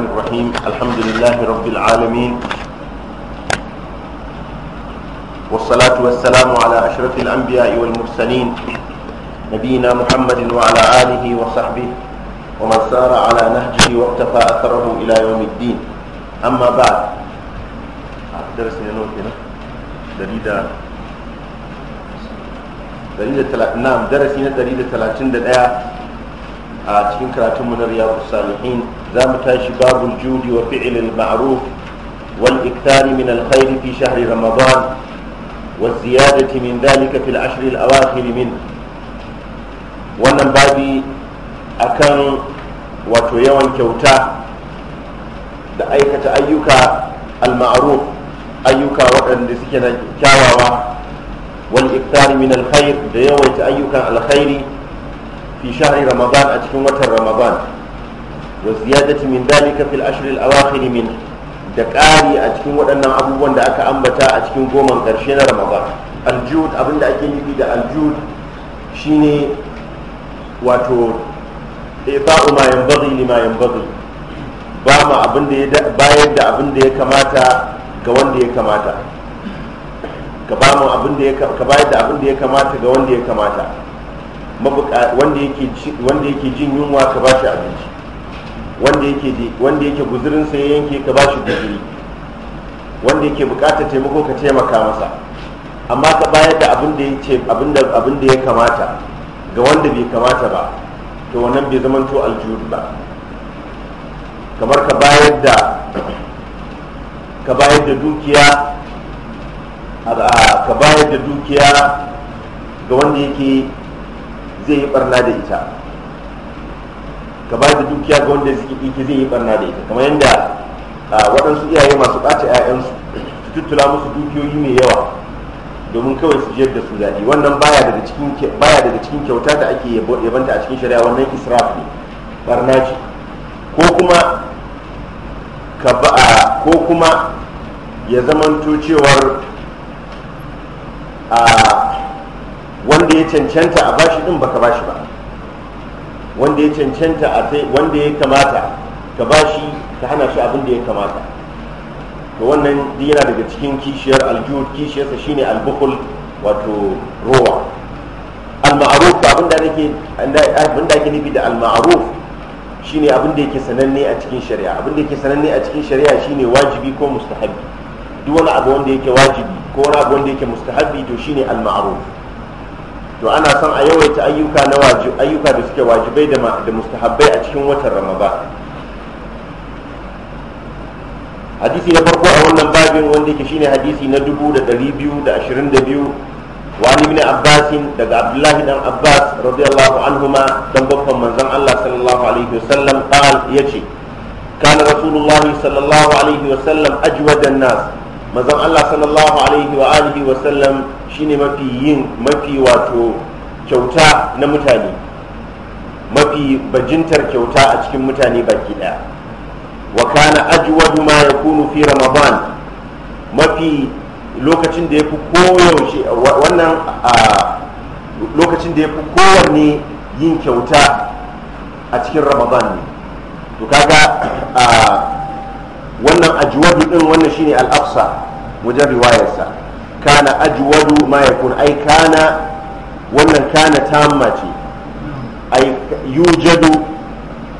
الرحمن الرحيم الحمد لله رب العالمين والصلاة والسلام على أشرف الأنبياء والمرسلين نبينا محمد وعلى آله وصحبه ومن سار على نهجه واقتفى أثره إلى يوم الدين أما بعد درسنا هنا دليدا دليدا تلا... نعم درسنا دليدا 31 a cikin karatunmu من riyadu الصالحين za mu tashi babul judi wa fi'ilil ma'ruf wal iktari min alkhairi fi shahri ramadan wa ziyadati min dalika fil ashr al awakhir min wannan babi akan wato yawan kyauta da aikata ayyuka al ma'ruf ayyuka waɗanda suke na kyawawa wal iktari min alkhair da yawaita ayyukan alkhairi fi shahri ramadan a cikin watan ramadan wa وزيادة من ذلك في الأشهر الأواخر منه da ƙari a cikin waɗannan abubuwan da aka ambata a cikin goman ƙarshe na ramadan aljud abinda ake nufi da aljud shine wato ifa'u ma yanbaghi lima ba ma abin da bayar da abin ya kamata ga wanda ya kamata ka ba mu abin ya ka bayar da abin da ya kamata ga wanda ya kamata wanda yake jin yunwa ka ba shi abinci wanda yake wanda yake guzurin sa ya yanke ka ba shi guzuri wanda yake bukatar taimako ka taimaka masa amma ka bayar da abin da yake abin da ya kamata ga wanda bai kamata ba to wannan bai zama to aljuri ba kamar ka bayar da ka bayar da dukiya ka bayar da dukiya ga wanda yake zai yi barna da ita ka ba da dukiya ga wanda yake zai yi barna da ita kamar yadda waɗansu iyaye masu ɓace 'ya'yansu su tuttula musu dukiyoyi mai yawa domin kawai su jiyar da su daɗi wannan baya daga cikin daga cikin kyauta da ake yabanta a cikin shari'a wannan israf ne barna ce ko kuma ka ba ko kuma ya zamanto cewar a wanda ya cancanta a bashi din baka bashi ba wanda ya cancanta a sai wanda ya kamata ka bashi ka hana shi abin da ya kamata to wannan yana daga cikin kishiyar aljihun kishiyarsa shine albukul wato rowa al-ma'ruf abin da nake abin da ake nufi da al-ma'ruf shine abin da yake sananne a cikin shari'a abin da yake sananne a cikin shari'a shine wajibi ko mustahabi duk wani abu wanda yake wajibi ko wani abu wanda yake mustahabi to shine al-ma'ruf to ana son a yawaita ayyuka na ayyuka da suke wajibai da mustahabbai a cikin watan ramadan hadisi na farko a wannan babin wanda yake shine hadisi na 2222 wa ibn abbas daga abdullahi dan abbas radiyallahu anhuma dan babban manzon Allah sallallahu alaihi wasallam qal yace kana rasulullahi sallallahu alaihi wasallam ajwada nas manzon Allah sallallahu alaihi wa alihi wasallam shine mafi yin mafi wato kyauta na mutane mafi bajintar kyauta a cikin mutane baki daya wa kana ajwadu ma yakunu fi ramadan mafi lokacin da yafi fi koyaushe wannan lokacin da ya kowanne yin kyauta a cikin ramadan ne to kaga wannan ajwadu din wannan shine al afsa wajen riwayarsa kana ajwadu ma yakun ai kana wannan kana ta ce ai yujadu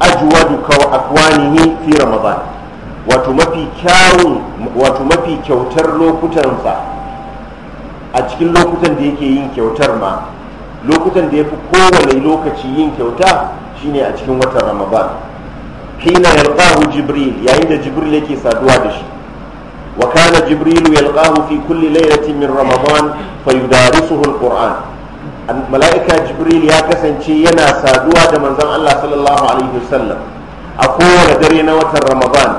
ajwadu kaw afwanihi fi ramadan wato mafi kyawun wato mafi kyautar lokutan lokutansa a cikin lokutan da yake yin kyautar ma lokutan da ya fi kowane lokaci yin kyauta shine a cikin watan ramadan hina yalqahu jibril yayin da jibril yake saduwa da shi وكان جبريل يلقاه في كل ليلة من رمضان فيدارسه القرآن ملائكة جبريل يا كسن ينا سادوا من زم الله صلى الله عليه وسلم أقول درينا وتر رمضان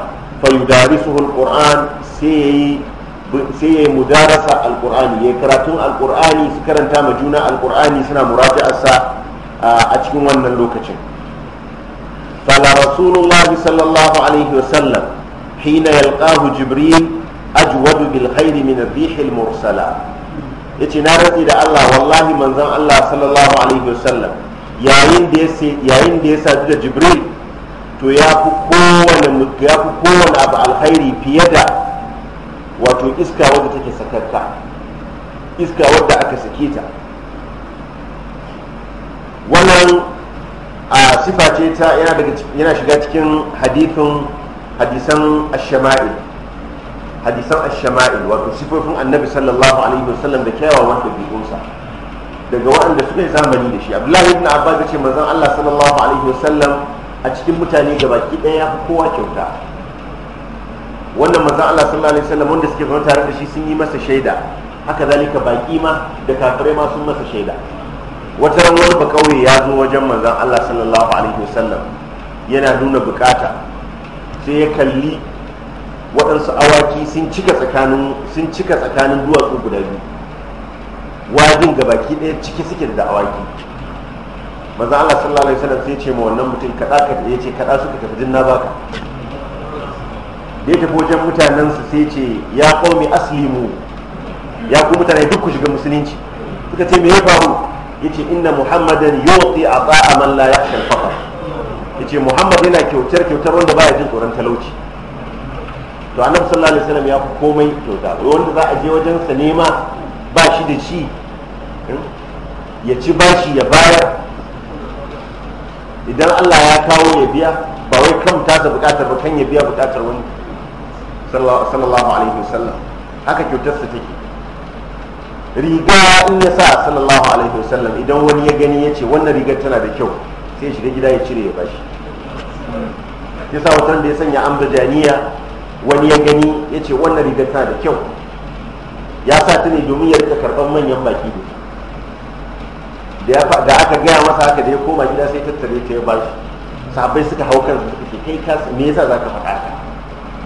فيدارسه القرآن سي sai ya mudarasa alkur'ani ya karatun alkur'ani su karanta ma juna alkur'ani suna muraja'arsa a cikin wannan lokacin fala rasulullahi hina yalqahu jibril ajwadu bil khairi min ar mursala yace na rantsi da Allah wallahi manzon Allah sallallahu alaihi wasallam yayin da yayin da ya sadu da jibril to ya fi kowane abu alkhairi fiye da wato iska wadda take sakarta aka sake ta wannan a sifa ce ta yana shiga cikin hadithin hadisan ashama'il hadisan ashama'il wato sifofin annabi sallallahu alaihi wasallam da kyawawan ɗabi'unsa daga waɗanda suka yi zamani da shi abdullahi ibn abbas ya ce manzon allah sallallahu alaihi wasallam a cikin mutane da baki ɗaya ya fi kowa kyauta wannan manzon allah sallallahu alaihi wasallam wanda suke zaune tare da shi sun yi masa shaida haka zalika baki ma da kafirai ma sun masa shaida wata ran ba bakauye ya zo wajen manzon allah sallallahu alaihi wasallam yana nuna bukata sai ya kalli waɗansu awaki sun cika tsakanin sun cika tsakanin duwatsu guda biyu wajin gabaki ɗaya ciki suke da awaki maza Allah sallallahu alaihi wasallam sai ya ce ma wannan mutum kaɗa ka ya ce kada suka tafi jinna baka da ya tafi wajen su sai ce ya qaumi aslimu ya ku mutane duk ku shiga musulunci suka ce me ya faru yace inna muhammadan yuti ata'a man la yakhsha al yace muhammad yana kyautar kyautar wanda baya jin tsoron talauci to annabi sallallahu alaihi wasallam ya fi komai kyauta wanda za a je wajen sa nema ba shi da shi hmm, ya ci bashi ya bayar idan Allah ya kawo ya biya ba wai kan da bukatar ba kan ya biya bukatar wani sallallahu alaihi wasallam haka kyautar sa take riga in ya sa sallallahu alaihi wasallam idan wani ya gani ya ce wannan rigar tana da kyau sai shiga gida ya cire ya bashi yasa wutar da ya sanya birjaniya wani ya gani ya ce wannan rigar tana da kyau ya sa ta ne domin ya rika karɓar manyan baki ne da aka gaya masa haka da ya koma gida sai tattare ta ya bashi sabai suka hau kan suka ce kai me yasa zaka faɗa ka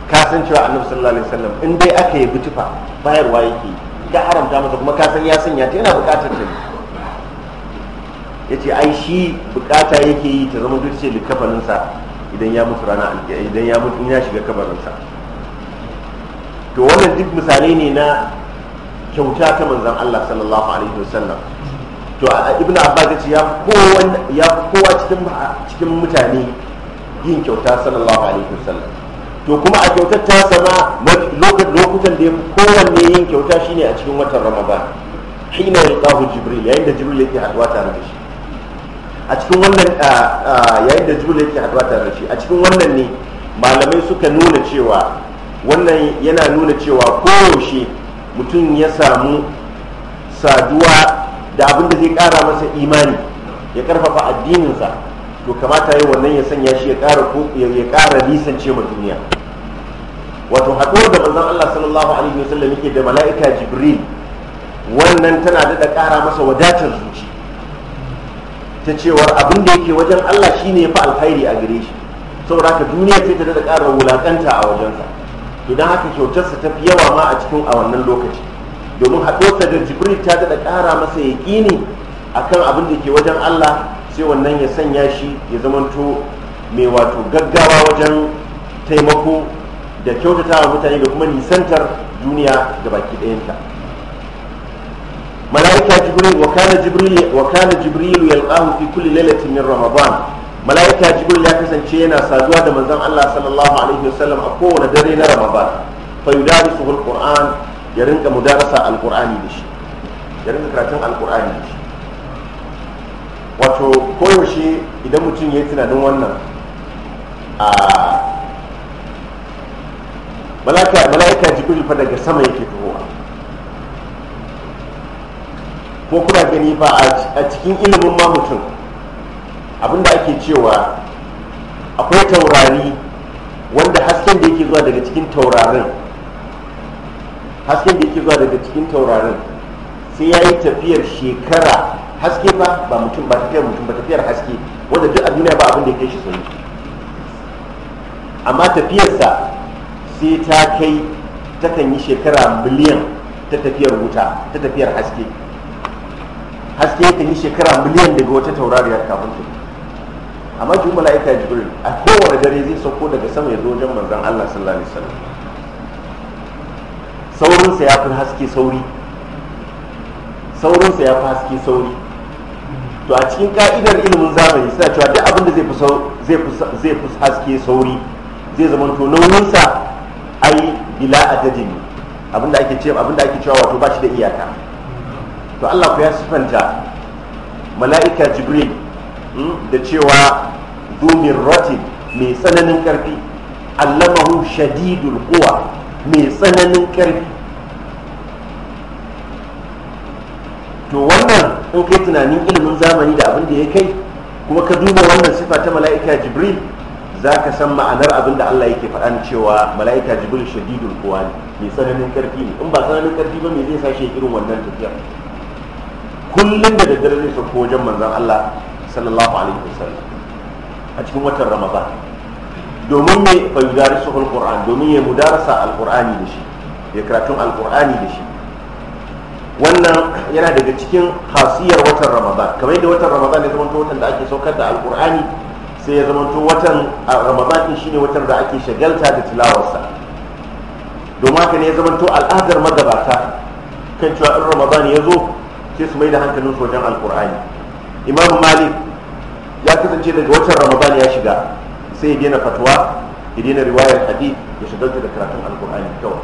ka san cewa annabi sallallahu alaihi wasallam in dai aka yi bitifa bayarwa yake ga haramta masa kuma ka san ya sanya ta yana buƙatar ta ne ya ce ai shi bukata yake yi ta zama duk ce likafaninsa idan ya mutu rana alƙiyama idan ya mutu ya shiga kabarinsa to wannan duk misalai ne na kyauta ta manzan Allah sallallahu alaihi wasallam to ibnu abbas ya ce ya kowa cikin cikin mutane yin kyauta sallallahu alaihi wasallam to kuma a kyautar ta sama lokutan da kowanne yin kyauta shine a cikin watan ramadan hina yalqahu jibril yayin da jibril yake haduwa tare da shi a cikin wannan yayin da jumla yake haɗuwa da shi a cikin wannan ne malamai suka nuna cewa wannan yana nuna cewa koyaushe mutum ya samu saduwa da abin da zai kara masa imani ya ƙarfafa addininsa to kamata yi wannan ya sanya shi ya kara nisance ma duniya wato haɗuwar da manzon Allah sallallahu alaihi wasallam yake da mala'ika Jibril wannan tana da kara masa wadatar zuci ta cewar abin da yake wajen Allah ne ya fi alkhairi a gare shi saboda haka duniya sai ta da ƙara wulaƙanta a wajensa to don haka kyautarsa ta fi yawa ma a cikin a wannan lokaci domin haɗuwarsa da jibril ta daɗa ƙara masa a akan abin da ke wajen Allah sai wannan ya sanya shi ya zamanto mai wato gaggawa wajen taimako da kyautata wa mutane da kuma nisantar duniya da baki ɗayanta. malaika jibril wa kana jibril ramadan malaika ya kasance yana saduwa da manzon Allah sallallahu a kowane dare na ramadan fa yudarisuhu alquran ya rinka mudarasa alqurani da shi ya rinka karatun da shi wato koyaushe idan mutum ya yi tunanin wannan a malaika malaika jibril fa daga sama yake fitowa ko kuna gani ba a cikin ilimin ma mutum abinda ake cewa akwai taurari wanda hasken da yake zuwa daga cikin taurarin hasken da yake zuwa daga cikin taurarin sai ya yi tafiyar shekara haske ba ba mutum ba tafiyar mutum ba tafiyar haske wanda duk a duniya ba abin da ya kai shi sauri amma tafiyarsa sai ta kai takan yi shekara miliyan ta tafiyar wuta ta tafiyar haske haske yake yi shekara miliyan daga wata taurariyar kafin ta amma ji mala'ika jibril a kowane dare zai sauko daga sama ya zo wajen manzon Allah sallallahu alaihi wasallam saurinsa ya fi haske sauri saurinsa ya fi haske sauri to a cikin ka'idar ilimin zamani suna cewa duk abin da zai fi haske sauri zai zama to sa ai bila adadin abin da ake cewa wato ba shi da iyaka to Allah ku ya sifanta mala'ika jibril hmm, da cewa dumin ratin mai tsananin karfi allamahu shadidul quwa mai tsananin karfi to wannan in kai tunanin ilimin zamani da abin da ya kai kuma ka duba wannan sifa ta mala'ika jibril za ka san ma'anar abin da Allah yake ni cewa mala'ika jibril shadidul quwa ne mai tsananin ƙarfi ne in ba tsananin karfi ba me zai sashe irin wannan tafiyar kullum da daddare ne sauko wajen manzan Allah sallallahu alaihi wasallam a cikin watan Ramadan domin me fa yudarisu alquran domin ya mudarasa alqurani da shi ya karatun alqurani da shi wannan yana daga cikin hasiyar watan Ramadan kamar da watan Ramadan ya zama watan da ake saukar da alqurani sai ya zama watan Ramadan shine watan da ake shagalta da tilawarsa domin haka ne ya zama al'adar magabata kan cewa in Ramadan ya zo sai su mai da hankalin su wajen alkur'ani imam malik ya kasance daga watan ramadan ya shiga sai ya daina fatwa ya daina riwayar hadith ya shagalta da karatun alkur'ani kawai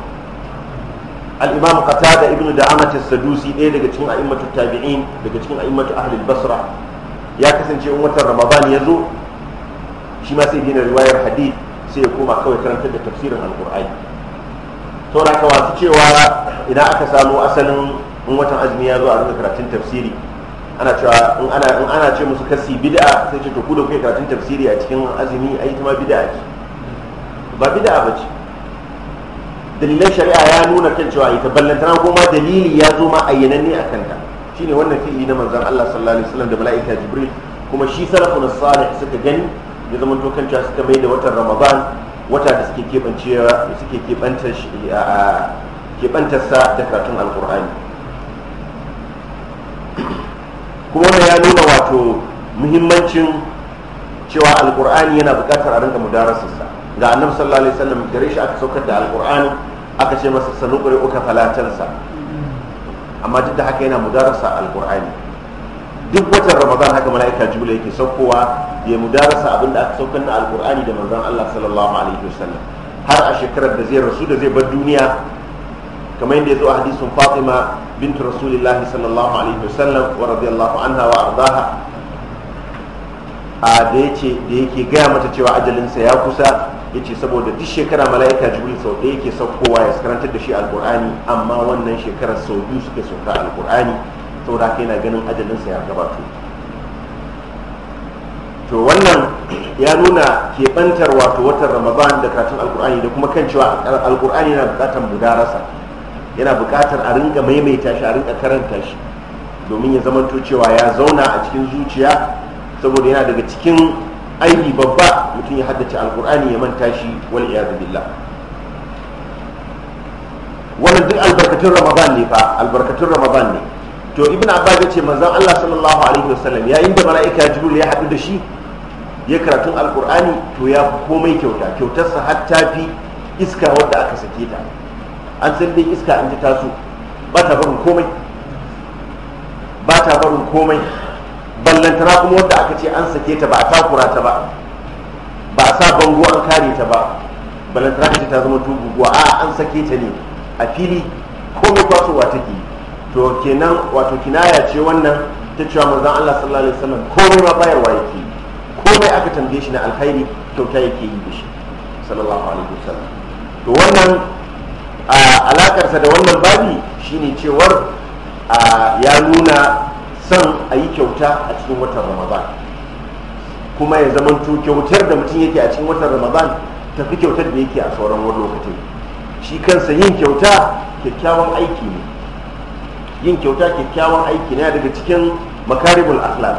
al-imam qatada ibn da'amat as-sadusi ɗaya daga cikin a'immatu tabi'in daga cikin a'immatu ahli al-basra ya kasance in watan ramadan ya zo shi ma sai ya daina riwayar hadith sai ya koma kawai karantar da tafsirin alkur'ani saboda ka wasu cewa idan aka samu asalin in watan azumi ya zo a rinka karatun tafsiri ana cewa in ana ce musu kasi bid'a sai ce to ku da kuke karatun tafsiri a cikin azumi a yi ma bid'a ce ba bid'a ba ce dalilan shari'a ya nuna kan cewa ita ballantana ko ma dalili ya zo ma ayyananne a kanta shine wannan fi'ili na manzon Allah sallallahu alaihi wasallam da mala'ika Jibril kuma shi salafun salih suka gani ya zama to kan cewa suka mai da watan Ramadan wata da suke kebancewa suke kebantar kebantarsa da karatun alkur'ani kuma wannan ya nuna wato muhimmancin cewa alkur'ani yana bukatar a rinka mudarasarsa ga annabi sallallahu alaihi wasallam gare shi aka saukar da alkur'ani aka ce masa sanukuri uka falatarsa amma duk da haka yana mudarasa alkur'ani duk watan ramadan haka mala'ika jula yake saukowa ya mudarasa abinda aka saukar na alkur'ani da manzon Allah sallallahu alaihi wasallam har a shekarar da zai rasu da zai bar duniya kamar yadda ya zo a hadisin fatima bintu rasulillahi sallallahu alaihi wasallam wa radiyallahu anha wa ardaha a da yace da yake gaya mata cewa ajalinsa ya kusa yace saboda duk shekara mala'ika jibril sau ɗaya yake saukowa ya karantar da shi alkur'ani amma wannan shekarar sau biyu suke sauka alkur'ani saboda haka yana ganin ajalinsa ya gabato to wannan ya nuna keɓantar wato watan ramadan da karatun alkur'ani da kuma kan cewa alkur'ani yana buƙatar mudarasa yana bukatar a ringa maimaita shi a ringa karanta shi domin ya zamanto cewa ya zauna a cikin zuciya saboda yana daga cikin aiki babba mutum ya haddace alkur'ani ya manta shi wal iyadu billah wannan duk albarkatun ramadan ne fa albarkatun ramadan ne to ibn abbas ya ce manzon allah sallallahu alaihi wasallam yayin da mala'ika jibril ya haɗu da shi ya karatun alkur'ani to ya komai kyauta kyautarsa har ta fi iska wadda aka sake ta an san dai iska an ta taso ba ta barin komai ba ta barin komai ballantana kuma wanda aka ce an sake ta ba a takura ta ba ba a sa bango an kare ta ba ballantana ta ce ta zama tuguguwa a an sake ta ne a fili komai kwasowa take to kenan wato kinaya ce wannan ta cewa manzon Allah sallallahu alaihi wasallam komai ma bayarwa yake komai aka tambaye shi na alkhairi kyauta yake yi da shi sallallahu alaihi wasallam to wannan alakarsa da wannan babi shine cewar ya nuna son a yi kyauta a cikin watan ramadan kuma ya zamanto kyautar da mutum yake a cikin watan ramadan tafi kyautar da yake a sauran wani lokacin shi kansa yin kyauta kyakkyawan aiki ne yin kyauta kyakkyawan aiki na daga cikin makaribul akhlaq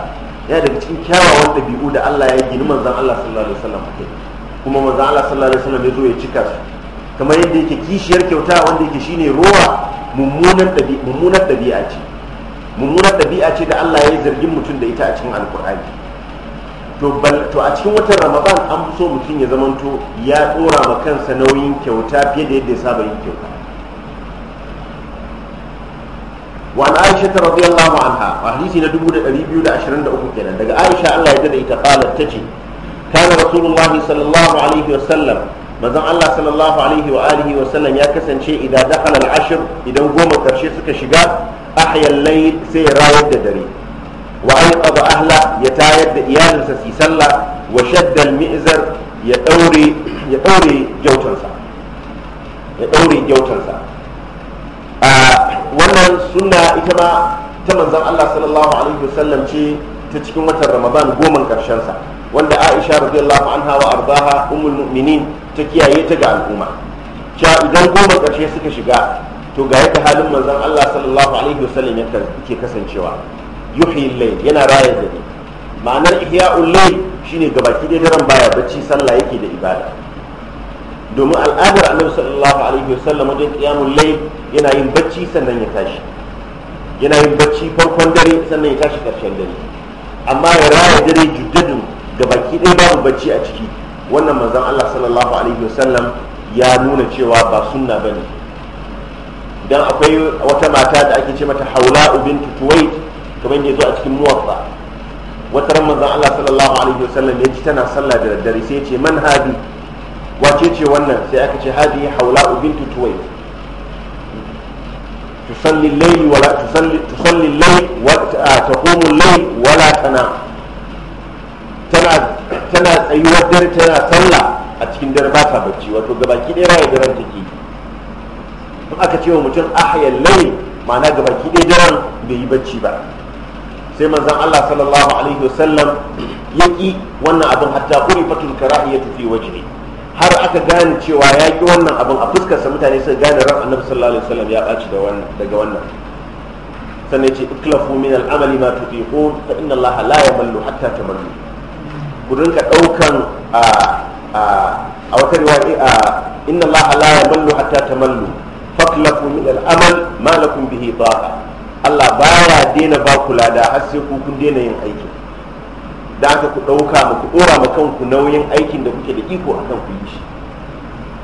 ya daga cikin kyawawan ɗabi'u da Allah ya gini manzan Allah sallallahu alaihi wasallam kuma manzan Allah sallallahu alaihi wasallam ya zo ya cika su kamar yadda yake kishiyar kyauta wanda yake shine ruwa mummunar ɗabi'a ce mummunar ɗabi'a ce da Allah ya yi zargin mutum da ita a cikin alkur'ani to a cikin watan ramadan an fi so mutum ya zamanto ya tsora ma kansa nauyin kyauta fiye da yadda ya saba yin kyauta wa an aisha ta radiyallahu anha wa hadisi na 2223 kenan daga aisha Allah ya dade ita qalat tace kana rasulullahi sallallahu alaihi wasallam manzon Allah sallallahu alaihi wa alihi wa sallam ya kasance idan dakhala al-ashr idan goma karshe suka shiga ahya al-layl sai ya rayar da dare wa ayqadha ahla ya tayar da iyalinsa su sallah wa shadda al-mi'zar ya daure ya daure jautansa ya daure jautansa a wannan sunna ita ma ta manzon Allah sallallahu alaihi wa sallam ce ta cikin watan Ramadan goma karshen sa wanda Aisha radiyallahu anha wa ardaha ummul mu'minin ta kiyaye ta ga al'umma cewa idan goma ƙarshe suka shiga to ga yadda halin manzon Allah sallallahu alaihi wasallam kasancewa yuhyi layl yana raya dare ma'anar ihya'ul layl shine gabaki da daren baya bacci sallah yake da ibada domin al'adar annabi sallallahu alaihi wasallam wajen qiyamul layl yana yin bacci sannan ya tashi yana yin bacci farkon dare sannan ya tashi ƙarshen dare amma ya raya dare juddadin gabaki ɗaya babu bacci a ciki wannan manzon Allah sallallahu alaihi wasallam ya nuna cewa ba sunna ne don akwai wata mata da ake ce mata haula ubin tuwait kamar yadda zo a cikin muwafa wata ran manzon Allah sallallahu alaihi wasallam ya ci tana sallah da daddare sai ya ce man hadi wace ce wannan sai aka ce hadi haula ubin tuwait tusalli al-layl wa la tusalli tusalli al-layl tana tana tana tsayuwar dare tana sallah a cikin dare ba ta bacci wato gabaki ɗaya raye daren take in aka ce wa mutum ahayar lai ma'ana gabaki ɗaya daren bai yi bacci ba sai manzon Allah sallallahu alaihi wasallam ya wannan abin hatta kuri fatul karahi ya tufi wajhi har aka gane cewa ya ki wannan abin a fuskarsa mutane suka gane ran annabi sallallahu alaihi wasallam ya ɓaci daga wannan sannan ya ce iklafu min al'amali ma tutiqun fa inna Allah la yamallu hatta tamallu ku ka ɗaukan a wata riwaya eh, inna Allah la yamallu hatta tamallu faklafu min amal, ma lakum bihi Allah baya daina ba ku lada har sai ku kun daina yin aiki da aka ku ɗauka mu ku dora mu kanku nauyin aikin da kuke da iko akan ku yi shi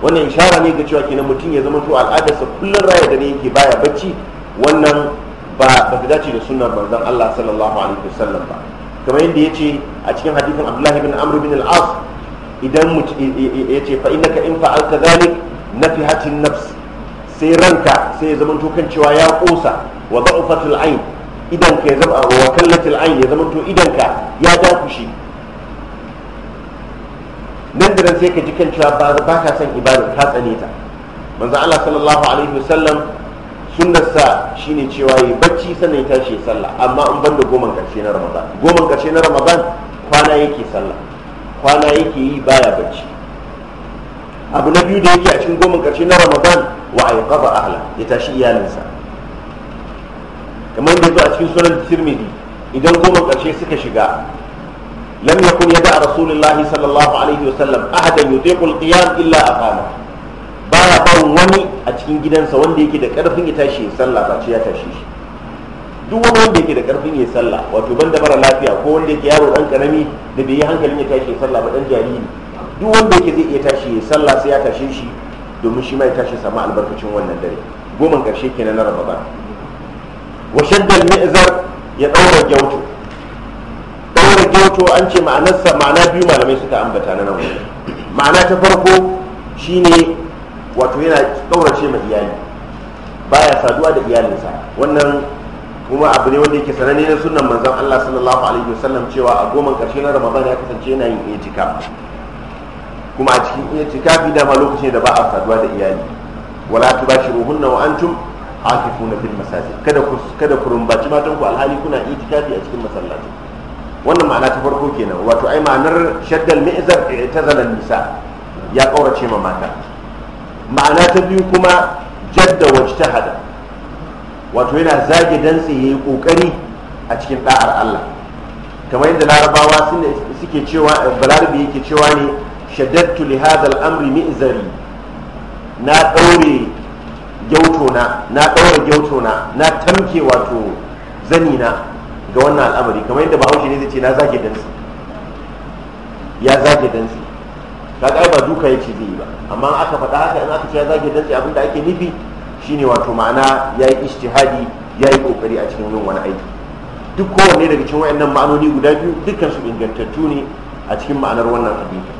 wannan ishara ne ga cewa kenan mutum ya zama to al'adarsa kullum raya da ne yake baya bacci wannan ba ba ta dace da sunnar manzon Allah sallallahu alaihi wasallam ba kamar yadda yace a cikin hadithin abdullahi bin amr bin al-as idan ya ce fa innaka in fa'alta zalik nafihatin nafs sai ranka sai ya zama to kan cewa ya kosa wa da'ufatul ayn idan ka ya zama wa kallatul ayn ya zama to idan ka ya dakushi nan da nan sai ka ji kan cewa ba ka san ibada ka tsane ta manzo Allah sallallahu alaihi wasallam sunnarsa shine cewa yi bacci sannan ya tashi sallah amma an banda goman karshe na Ramadan goma karshe na Ramadan kwana yake sallah kwana yake yi baya bacci abu na biyu da yake a cikin gomin karshe na ramadan wa ayqaba ahla ya tashi iyalinsa kamar yadda a cikin sunan tirmidhi idan gomin karshe suka shiga lam yakun yada rasulullahi sallallahu alaihi ahadan yutiqu alqiyam illa aqama baya ba wani a cikin gidansa wanda yake da karfin ya tashi sallah ba ce ya tashi shi duk wani wanda yake da karfin ya sallah wato da mara lafiya ko wanda yake yaro dan karami da bai yi hankalin ya tashi sallah ba dan jariri duk wanda yake zai iya tashi ya sallah sai ya tashe shi domin shi ma ya tashi sama albarkacin wannan dare goman karshe kenan na ramadan wa shadda mizar ya daura gyauto daura gyauto an ce ma'anarsa ma'ana biyu malamai suka ambata na nan ma'ana ta farko shine wato yana kaurace ma iyali baya saduwa da iyalinsa wannan kuma abu ne wanda yake sananne na sunan manzon Allah sallallahu alaihi wasallam cewa a goman karshe na Ramadan ya kasance yana yin i'tikaf kuma a cikin i'tikafi dama lokaci da ba a saduwa da iyali wala tubashiruhunna wa antum akifuna fil masajid kada ku kada ku rumbaci matan ku alhali kuna i'tikafi a cikin masallaci wannan ma'ana ta farko kenan wato ai ma'anar shaddal mi'zar i'tazala eh, nisa ya kaurace ma mata ma'ana ta biyu kuma jadda wajtahada wato yana zage dantse ya yi kokari a cikin da'ar Allah kamar yadda larabawa suke cewa balarabi yake cewa ne shaddattu li hadal amri mi'zari na daure gyauto na daure gyautona na tamke wato zani na ga wannan al'amari kamar yadda bahaushe ne zai ce na zage dantse ya zage dantse ga ba duka yace zai yi ba amma aka faɗa haka in aka ce ya zage dantse abinda ake nufi shine wato ma'ana ya yi ishtihadi ya yi kokari a cikin yin wani aiki duk kowane daga cikin wayannan ma'anoni guda biyu dukkan su ingantattu ne a cikin ma'anar wannan hadisi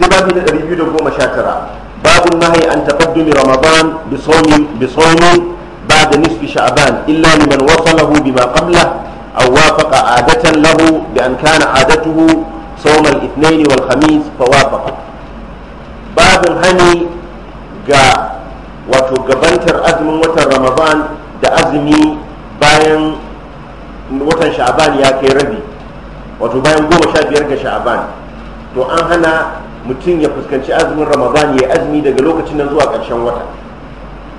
sai babu na 219 babun nahi an taqaddumi ramadan bi sawmi bi sawmi ba'da nisfi sha'ban illa liman wasalahu bima qabla aw wafaqa adatan lahu bi an kana adatuhu sawm al-ithnain wal hamis fa babu babun hani ga wato gabantar azumin watan ramadan da azumi bayan watan sha'aban ya kai rabi wato bayan goma sha biyar ga sha'aban to an hana mutum ya fuskanci azumin ramadan ya azumi daga lokacin nan zuwa ƙarshen wata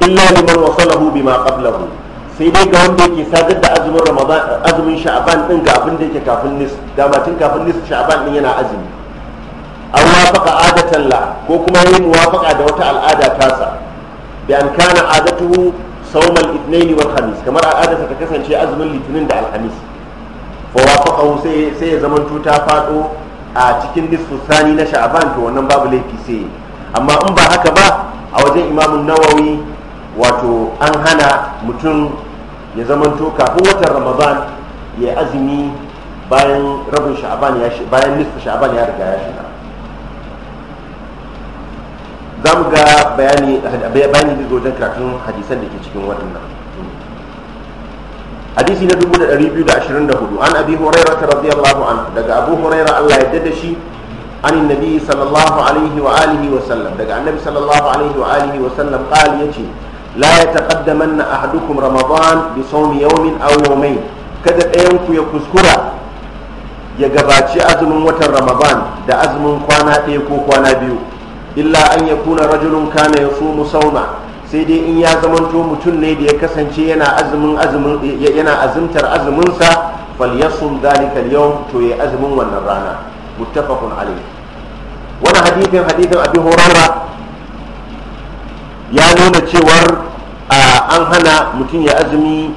illa liman wasalahu bima qablahu sai dai ga wanda yake sadar da azumin ramadan azumin sha'aban din ga abin da yake kafin nis da matin kafin nis sha'aban din yana azumi an wafaka adatan la ko kuma yi muwafaka da wata al'ada tasa bi an kana adatuhu saumal idnaini wal khamis kamar al'adarsa ta kasance azumin litinin da alhamis fa wafaka sai sai ya zaman tuta fado a cikin nisfu sani na sha'aban to wannan babu laifi sai amma in ba haka ba a wajen imamun nawawi wato an hana mutum ya zamanto kafin watan ramadan ya azumi bayan rabin sha'ban ya bayan nisfu sha'aban ya riga ya shiga za mu ga bayani da wajen karatun hadisan da ke cikin waɗannan hadisi na 224 an abi huraira ta radiyallahu an daga abu huraira allah ya dada shi an sallallahu alaihi wa alihi wa sallam daga annabi sallallahu alaihi wa alihi wa sallam qali yace la yataqaddamanna ahadukum ramadan bi sawmi yawmin aw yawmayn kada ɗayan ku ya kuskura ya gabaci azumin watan ramadan da azumin kwana ɗaya ko kwana biyu illa an ya kuna rajulun kana yasumu sauma sai dai in ya zamanto mutum ne da ya kasance yana azumin azumin yana azumtar azuminsa yasum dalika al-yawm to ya azumin wannan rana muttafaqun alayh wani hadithin hadithin abi hurairah ya nuna cewar an hana mutum ya azumi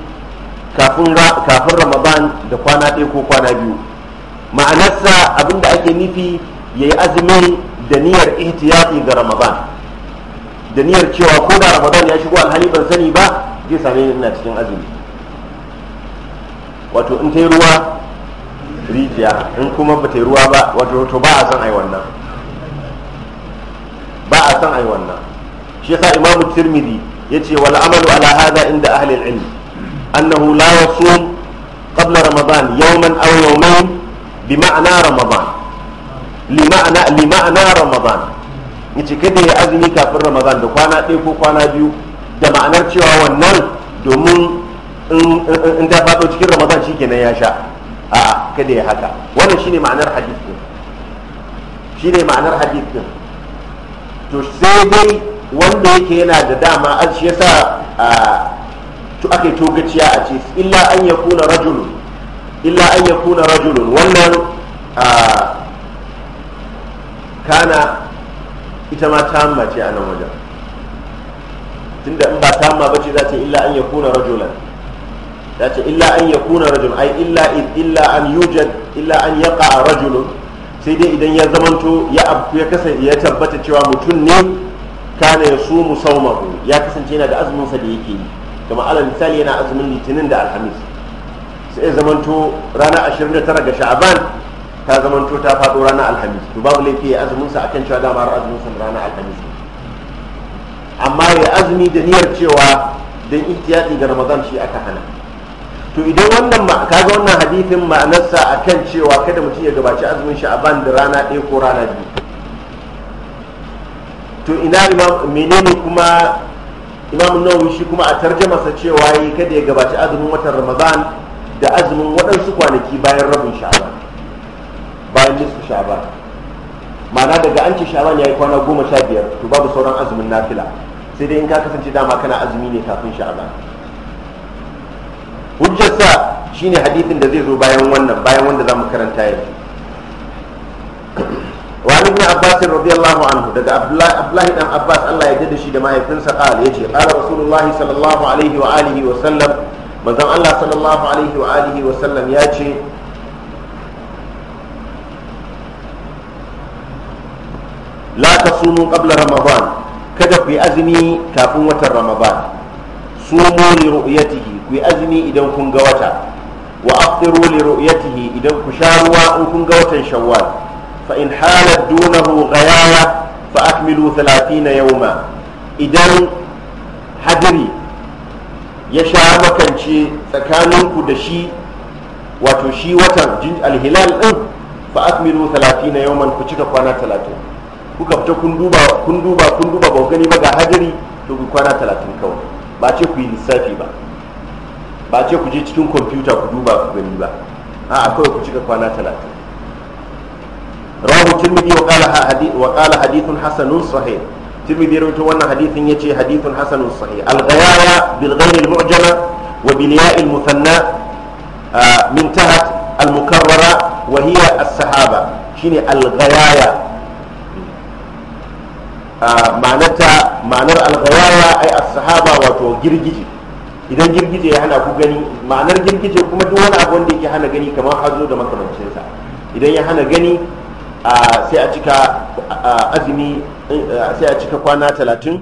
kafin ramadan da kwana ɗaya ko kwana biyu ma'anarsa abinda ake nufi ya yi azumin da niyyar ihtiyati ga ramadan da niyyar cewa ko da ramadan ya shigo alhali ban sani ba zai same ni ina cikin azumi wato in ta yi ruwa rijiya in kuma ba ta yi ruwa ba wato to ba a san ai wannan ba a san ai wannan shi yasa imamu tirmidhi yace wal amalu ala hada inda ahli al-ilm annahu la yasum qabla ramadan yawman aw yawmayn bi ma'na ramadan lima'ana lima'ana ramadan yace kada ya azumi kafin ramadan da kwana ɗaya ko kwana biyu da ma'anar cewa wannan domin in ta faɗo cikin ramadan shi kenan ya sha a kada ya haka wannan shine ma'anar hadith din shine ma'anar hadith din to sai dai wanda yake yana da dama a shi yasa to ake togaciya a ce illa an yakuna rajulun illa an yakuna rajulun wannan kana ita ma ta amma ce a nan wajen tunda in ba ta amma ba ce za ce illa an ya kuna rajulan za ce illa an ya kuna rajul ai illa illa an yujad illa an yaqa rajulun sai dai idan ya zamanto ya abu ya kasance ya tabbata cewa mutum ne kana ya su musaumahu ya kasance yana da azumin sa da yake yi kama ala misali yana azumin litinin da alhamis sai zamanto ranar 29 ga sha'aban ta zamanto ta faɗo ranar alhamis to babu laifi ya azumin sa akan cewa dama azumin sa ranar alhamis amma ya azumi da niyyar cewa dan ihtiyati ga ramadan shi aka hana to idan wannan kaga wannan hadithin ma'anarsa akan cewa kada mutum ya gabaci azumin shi ban da rana ɗaya ko rana biyu to ina imam menene kuma imam nawawi shi kuma a tarjama sa cewa yi kada ya gabaci azumin watan ramadan da azumin waɗansu kwanaki bayan rabin sha'aban bayan nisfu sha'ban ma'ana daga an ce sha'ban yayi kwana goma sha biyar to babu sauran azumin nafila sai dai in ka kasance dama kana azumi ne kafin sha'ban hujjarsa shine hadithin da zai zo bayan wannan bayan wanda zamu karanta yanzu wa ibn abbas radiyallahu anhu daga abdullahi abdullahi dan abbas Allah ya dade shi da mahaifinsa qala yace qala rasulullahi sallallahu alaihi wa alihi wa sallam manzon Allah sallallahu alaihi wa alihi wa sallam yace sumu qabla ramadan kada ku yi azumi kafin watan ramadan sumu li ru'yatihi ku yi azumi idan kun ga wata wa aftiru li idan ku sha ruwa in kun ga watan shawwal fa in halat dunahu ghayala fa akmilu 30 idan hadiri ya sha makance tsakaninku da shi wato shi watan alhilal din fa akmilu 30 yawman ku cika kwana talatu. kuka fita kun duba kun duba kun duba ba gani ba ga hadari to ku kwana talatin kawai ba ce ku yi lissafi ba ba ce ku je cikin kwamfuta ku duba ku gani ba a kawai ku cika kwana talatin rahu tirmidhi wa qala hadith wa qala hadithun hasanun sahih tirmidhi rawaito wannan hadithin yace hadithun hasanun sahih al-ghayaya bil ghayr al-mu'jama wa bil ya' al-muthanna min tahat al-mukarrara wa hiya as-sahaba shine al-ghayaya ma'anarta ma'anar alghawawa ai as-sahaba wato girgije idan girgije ya hana ku gani ma'anar girgije kuma duk wani abu wanda yake hana gani kamar hazo da makamancinsa idan ya hana gani sai a cika azumi sai a cika kwana talatin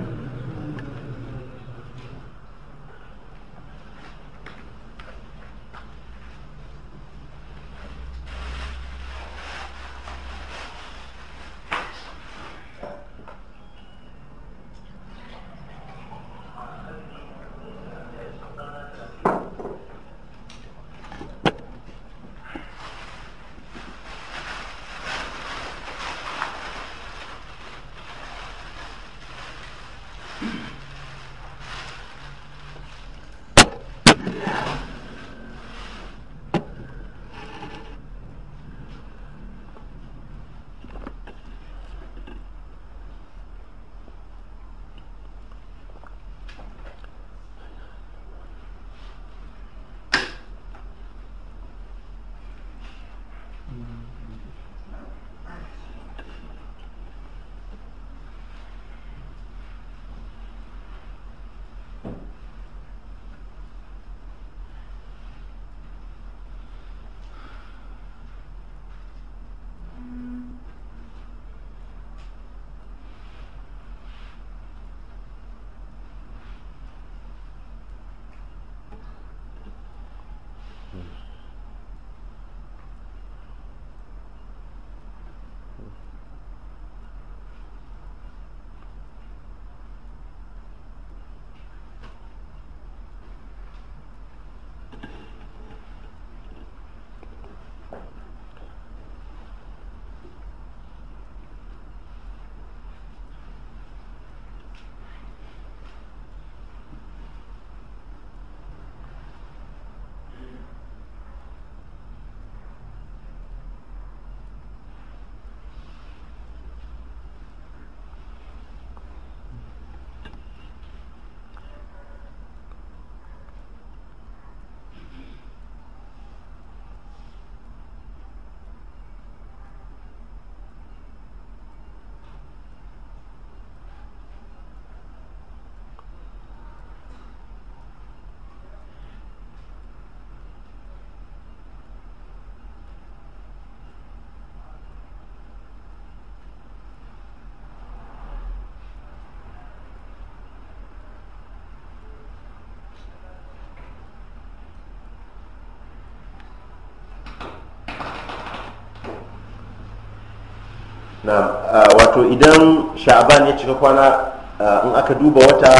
na ah, wato idan sha'aban ya cika kwana ah, in aka duba wata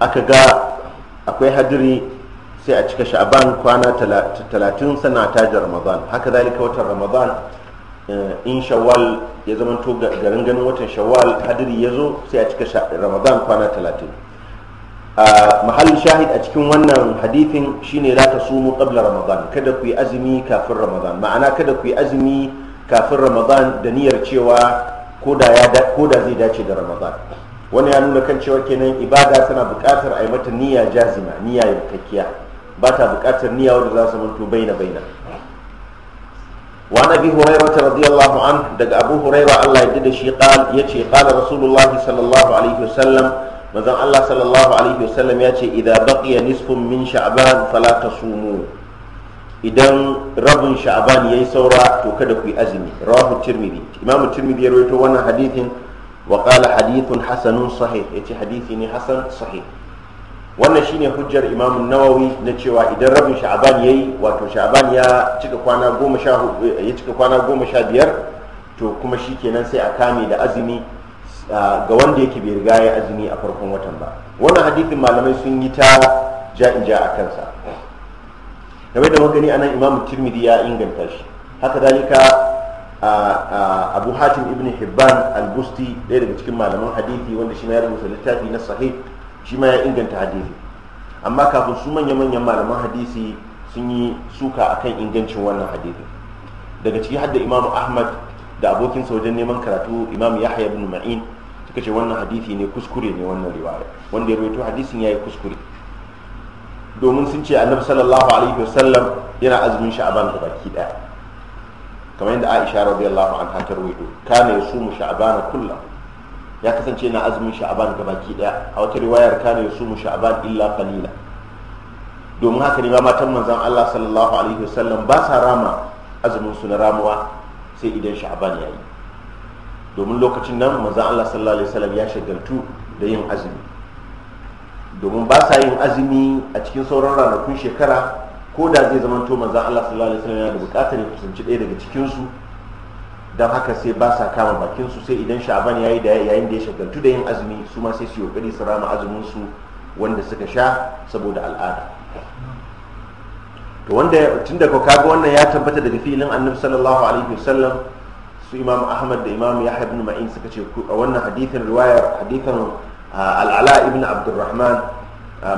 aka ga akwai hadiri sai a cika sha'aban kwana talatin sana da ramadan haka zalika watan ramadan eh, in shawwal ya zama to garin ganin watan shawwal hadiri ya zo sai a cika ramadan kwana talatin ah, mahallin shahid a cikin wannan hadifin shine za ta sumu qabla ramadan kada ku yi azumi kafin ramadan ma'ana kada ku yi azumi kafin ramadan da niyyar cewa ko da zai dace da ramadan wani ya nuna kan cewa kenan ibada tana buƙatar a yi mata niyya jazima niyya yankakkiya ba ta buƙatar niyya wanda za su manto baina baina وعن ابي هريره رضي الله عنه دق ابو هريره الله يدد شي قال يتي قال رسول الله صلى الله عليه وسلم مزن الله صلى الله عليه وسلم يتي اذا بقي نصف من شعبان فلا تصوموا idan rabin sha'aban yi saura to kada ku yi azumi rahu tirmidhi imam tirmidhi ya rawaito wannan hadithin wa qala hadithun hasanun sahih yace hadithi ne hasan sahih wannan shine hujjar imam nawawi na cewa idan rabin sha'aban yayi wato sha'aban ya cika kwana goma sha ya cika kwana goma sha biyar to kuma shi shikenan sai a kame da azumi ga wanda yake bai riga ya azumi a farkon watan ba wannan hadithin malamai sun yi ta ja'in ja a kansa kamar da magani anan imamu tirmidhi ya inganta shi haka dalika abu hatim ibn hibban al-busti ɗaya daga cikin malaman hadithi wanda shi ma ya rubuta littafi na sahih shi ma ya inganta hadithi amma kafin su manya-manyan malaman hadisi sun yi suka akan ingancin wannan hadithi daga ciki hadda imamu ahmad da abokin wajen neman karatu imamu yahya ibn ma'in suka ce wannan hadithi ne kuskure ne wannan riwaya wanda ya rawaito hadisin ya yi kuskure domin sun ce annabi sallallahu alaihi wasallam yana azumin sha'aban da baki daya kamar yadda aisha radiyallahu anha ta rawaito kana yasumu sha'aban kullum ya kasance yana azumin sha'aban da baki daya a wata riwayar kana yasumu sha'aban illa qalila domin haka ne ma matan manzon Allah sallallahu alaihi wasallam ba sa rama azumin su na ramuwa sai idan sha'aban yayi domin lokacin nan manzon Allah sallallahu alaihi wasallam ya shagaltu da yin azumi domin ba sa yin azumi a cikin sauran ranakun shekara ko da zai zama to manzan Allah sallallahu alaihi wasallam yana da bukatar ya kusanci ɗaya daga cikin su dan haka sai ba sa kama bakin su sai idan sha'aban yayi da yayin da ya shagaltu da yin azumi su ma sai su yi kokari su rama azumin su wanda suka sha saboda al'ada to wanda tun da kaga wannan ya tabbata daga filin annabi sallallahu alaihi wasallam su imam ahmad da imam yahya ibn ma'in suka ce a wannan hadithin riwayar hadithan. al'ala ibn abdurrahman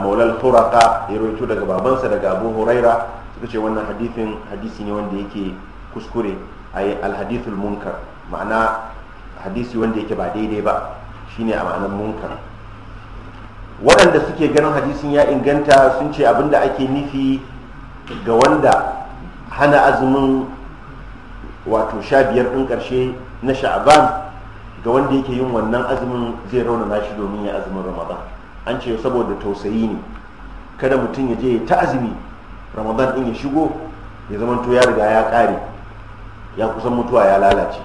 maulal turaka ya rawaito daga babansa daga abu huraira suka ce wannan hadithin hadisi ne wanda yake kuskure a yi alhadithul munkar ma'ana hadisi wanda yake ba daidai ba shine a ma'anar munkar waɗanda suke ganin hadisin ya inganta sun ce abinda ake nufi ga wanda hana azumin wato sha biyar ɗin ƙarshe na sha'aban ga wanda yake yin wannan azumin zai raunana shi domin ya azumin ramadan an ce saboda tausayi ne kada mutum ya je ta azumi ramadan din ya shigo ya zama to ya riga ya kare ya kusan mutuwa ya lalace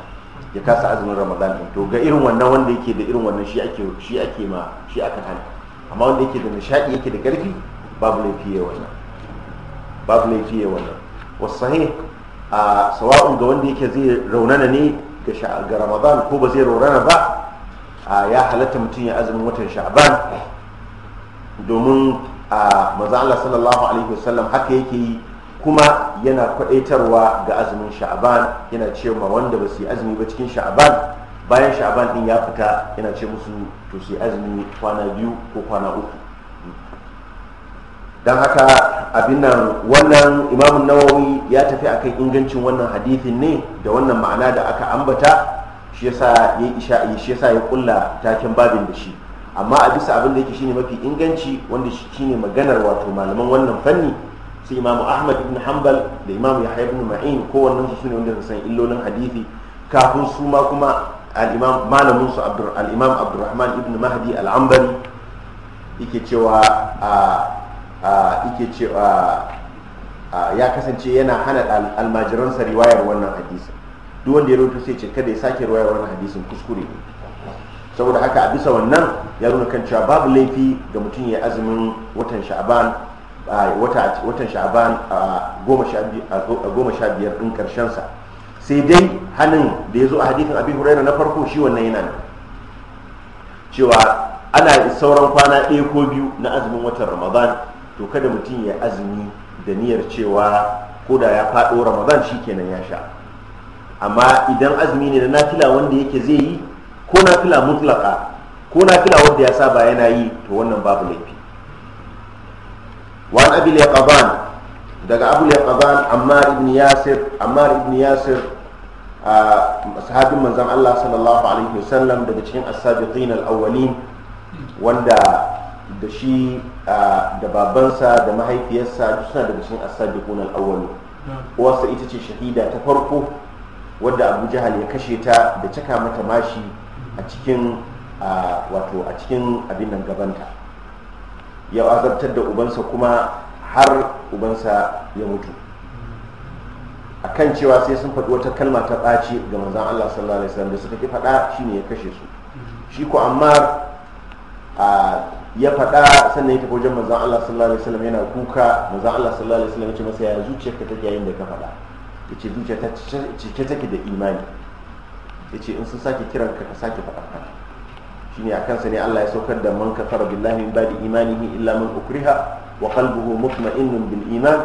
ya kasa azumin ramadan din to ga irin wannan wanda yake da irin wannan shi ake shi ake ma shi aka hana amma wanda yake da nishadi yake da karfi babu laifi ya wannan babu laifi ya wannan wasu a sawa'un ga wanda yake zai raunana ne ga ramadan ko ba zai rorana ba a ya halatta mutum ya azumin watan Sha'aban, domin a maza Allah sallallahu alaihi wasallam haka yake yi kuma yana kwadaitarwa ga azumin Sha'aban, yana cewa wanda ba su yi azumi ba cikin Sha'aban bayan Sha'aban ɗin ya fita yana ce musu to su yi azumi kwana biyu ko kwana uku don haka abin nan wannan imamun nawawi ya tafi a kan ingancin wannan hadithin ne da wannan ma'ana da aka ambata shi yasa ya isha'i shi yasa ya kulla taken babin da shi amma a bisa abin da yake shine mafi inganci wanda shi shine maganar wato malaman wannan fanni sai imamu ahmad ibn hanbal da imamu yahya ibn ma'in wannan su ne wanda san illolin hadithi kafin su ma kuma al-imam malamin su al-imam abdurrahman ibn mahdi al-ambari yake cewa ike cewa ya kasance yana hana almajiransa riwayar wannan hadisin duk wanda ya rubuta sai ce kada ya sake riwayar wannan hadisin kuskure saboda haka a bisa wannan ya nuna kan cewa babu laifi ga mutum ya azumin watan sha'aban watan sha'aban goma sha biyar ɗin sa. sai dai hannun da ya zo a hadisin abin huraira na farko shi wannan yana nan cewa ana sauran kwana ɗaya ko biyu na azumin watan ramadan to kada mutum ya azumi da niyyar cewa ko da ya faɗo ramadan shi kenan ya sha amma idan azumi ne na nafila wanda yake zai yi ko nafila mutlaka ko nafila wanda ya saba yana yi to wannan babu laifi wa abil yaqaban daga abul yaqaban ammar ibn yasir ammar ibn yasir sahabin manzon Allah sallallahu alaihi wasallam daga cikin as-sabiqin al-awwalin wanda da shi da babansa da mahaifiyarsa suna daga cikin as-sabiqun al-awwal uwarsa ita ce shahida ta farko wadda Abu Jahal ya kashe ta da caka mata mashi a cikin wato a cikin abin nan gabanta ya azabtar da ubansa kuma har ubansa ya mutu A kan cewa sai sun faɗi wata kalma ta ɓaci ga manzan Allah sallallahu alaihi wasallam da suka fi faɗa shine ya kashe su shi ko amma ya faɗa sannan ya tafi wajen manzon Allah sallallahu alaihi wasallam yana kuka manzon Allah sallallahu alaihi wasallam ya ce masa ya ka take yayin da ka faɗa yace zuciya ta cike take da imani yace in sun sake kiran ka ka sake faɗa haka shine akan sa ne Allah ya saukar da man kafara billahi min ba'di imanihi illa man ukriha wa qalbuhu mutma'innun bil iman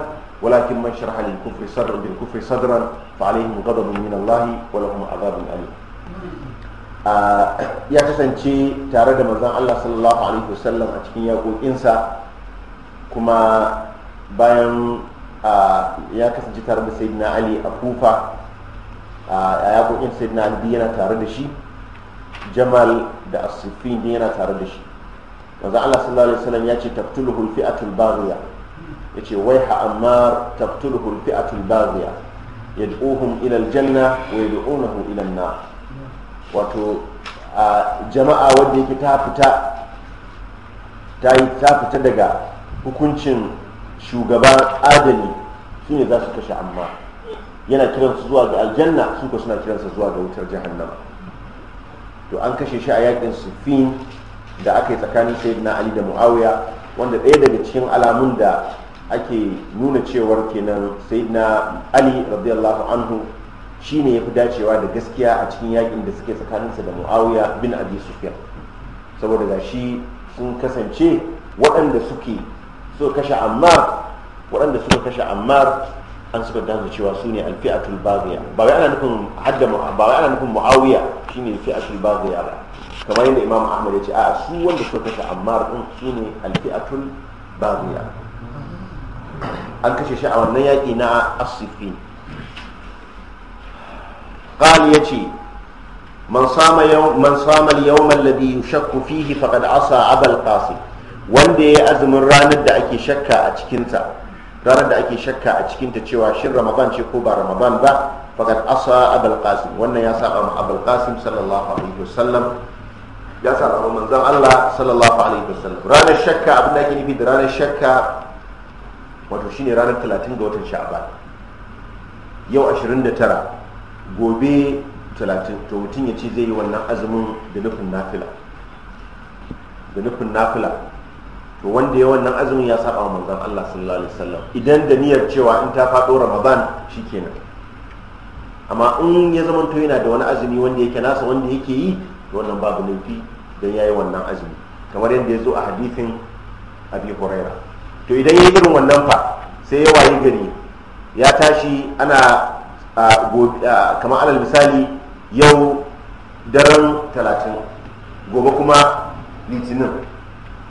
ولكن من شرح للكفر صدر بالكفر صدرا فعليهم غضب من الله ولهم عذاب أليم ya kasance tare da manzon Allah sallallahu alaihi wasallam a cikin yaƙoƙinsa kuma bayan ya kasance tare da sayyidina Ali a Kufa a yaƙoƙin sayyidina Ali yana tare da shi Jamal da Asifin yana tare da shi manzon Allah sallallahu alaihi wasallam ya ce taqtuluhu al-fi'atul baghiya yace waiha amma taqtuluhu al-fi'atul baghiya yad'uhum ila al-janna wa yad'unahu ila an-nar wato a jama'a wanda yake ta fita ta yi ta fita daga hukuncin shugaban adali sune za su kashe amma yana kiransu zuwa ga aljanna su ka suna kiransa zuwa ga wutar jahannama to an kashe shi a yakin sufin da aka yi tsakanin sayyidina ali da muawiya wanda ɗaya daga cikin alamun da ake nuna cewar kenan sayyidina ali radiyallahu anhu shine yafi dacewa da gaskiya a cikin yakin da suke tsakaninsa da muawiya bin abi sufyan saboda ga shi sun kasance waɗanda suke so kashe ammar waɗanda suka kashe ammar an suka gane cewa su ne alfi'atul baghiya ba wai ana nufin hadda ba wai ana nufin muawiya shine alfi'atul baghiya ba kamar yadda imam ahmad ya ce a su wanda suka kashe ammar din su ne alfi'atul baghiya an kashe shi a wannan yaƙi na asifin قال يتي من صام يوم من صام اليوم الذي يشك فيه فقد عصى ابا القاسم wanda ya azumin ranar da ake shakka a cikinta ranar da ake shakka a cikinta cewa shin ramadan ce ko ba ramadan ba faqad asa abul qasim wannan ya saba ma abul qasim sallallahu alaihi wasallam ya saba ma manzon Allah sallallahu alaihi wasallam ranar shakka abin da ake nufi da ranar shakka wato shine ranar 30 ga watan sha'ban yau 29 gobe talatin to mutum ya ce zai yi wannan azumin da nufin nafila da nufin nafila to wanda ya wannan azumin ya saba wa manzon Allah sallallahu alaihi wasallam idan da niyyar cewa in ta faɗo ramadan shikenan amma in ya zama zamanto yana da wani azumi wanda yake nasa wanda yake yi to wannan babu laifi dan yayi wannan azumi kamar yadda ya zo a hadisin abi huraira to idan ya yi irin wannan fa sai ya wayi gari ya tashi ana kamar alal misali yau daren talatin gobe kuma litinin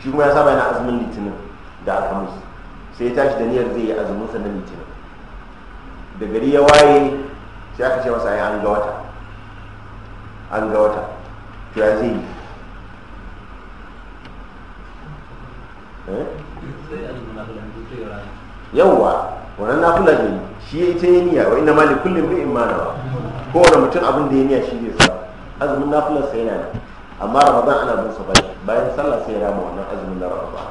shi kuma ya saba yana azumin litinin da alhamis sai ya tashi da niyyar zai yi azumin sa na litinin da gari ya waye sai aka ce masa an ga wata an ga wata to ya zai yi eh? yauwa wannan na kula da shi ita ya niyya wa ina mali kullum ri'in ma nawa kowane mutum abin da ya niyya shi ne sa azumin nafilar sai yana amma ramadan ana bin sa bayan sallah sai ya rama wannan azumin na ramadan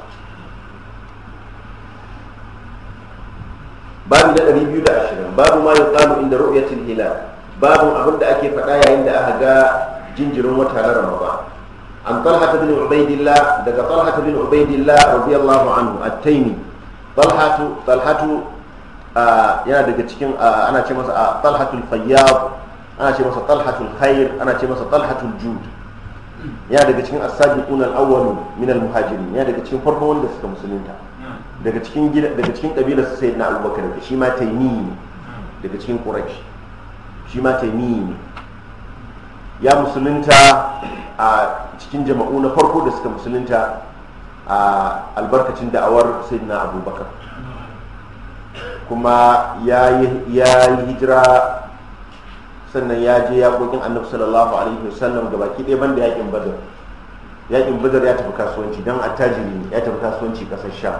babu na ashirin babu ma yuqalu inda ru'yatil hilal babu abin da ake faɗa yayin da aka ga jinjirin wata na ramadan an talha bin ubaidillah daga talha bin ubaidillah radiyallahu anhu at-taymi yana daga cikin ana ce masa talhatul fayyab ana ce masa talhatul khair ana ce masa talhatul jud yana daga cikin as-sabiqun al-awwal min al-muhajirin yana daga cikin farko wanda suka musulunta daga cikin daga cikin kabilar sayyidina abubakar da shi ma taymi ne daga cikin quraish shi ma taymi ne ya musulunta a cikin jama'u na farko da suka musulunta a albarkacin da'awar sayyidina abubakar kuma ya yi hijira sannan ya je yaƙoƙin annabi sallallahu alaihi wasallam ga baki ɗaya banda yaƙin badar yaƙin badar ya tafi kasuwanci don attajiri ya tafi kasuwanci kasar sha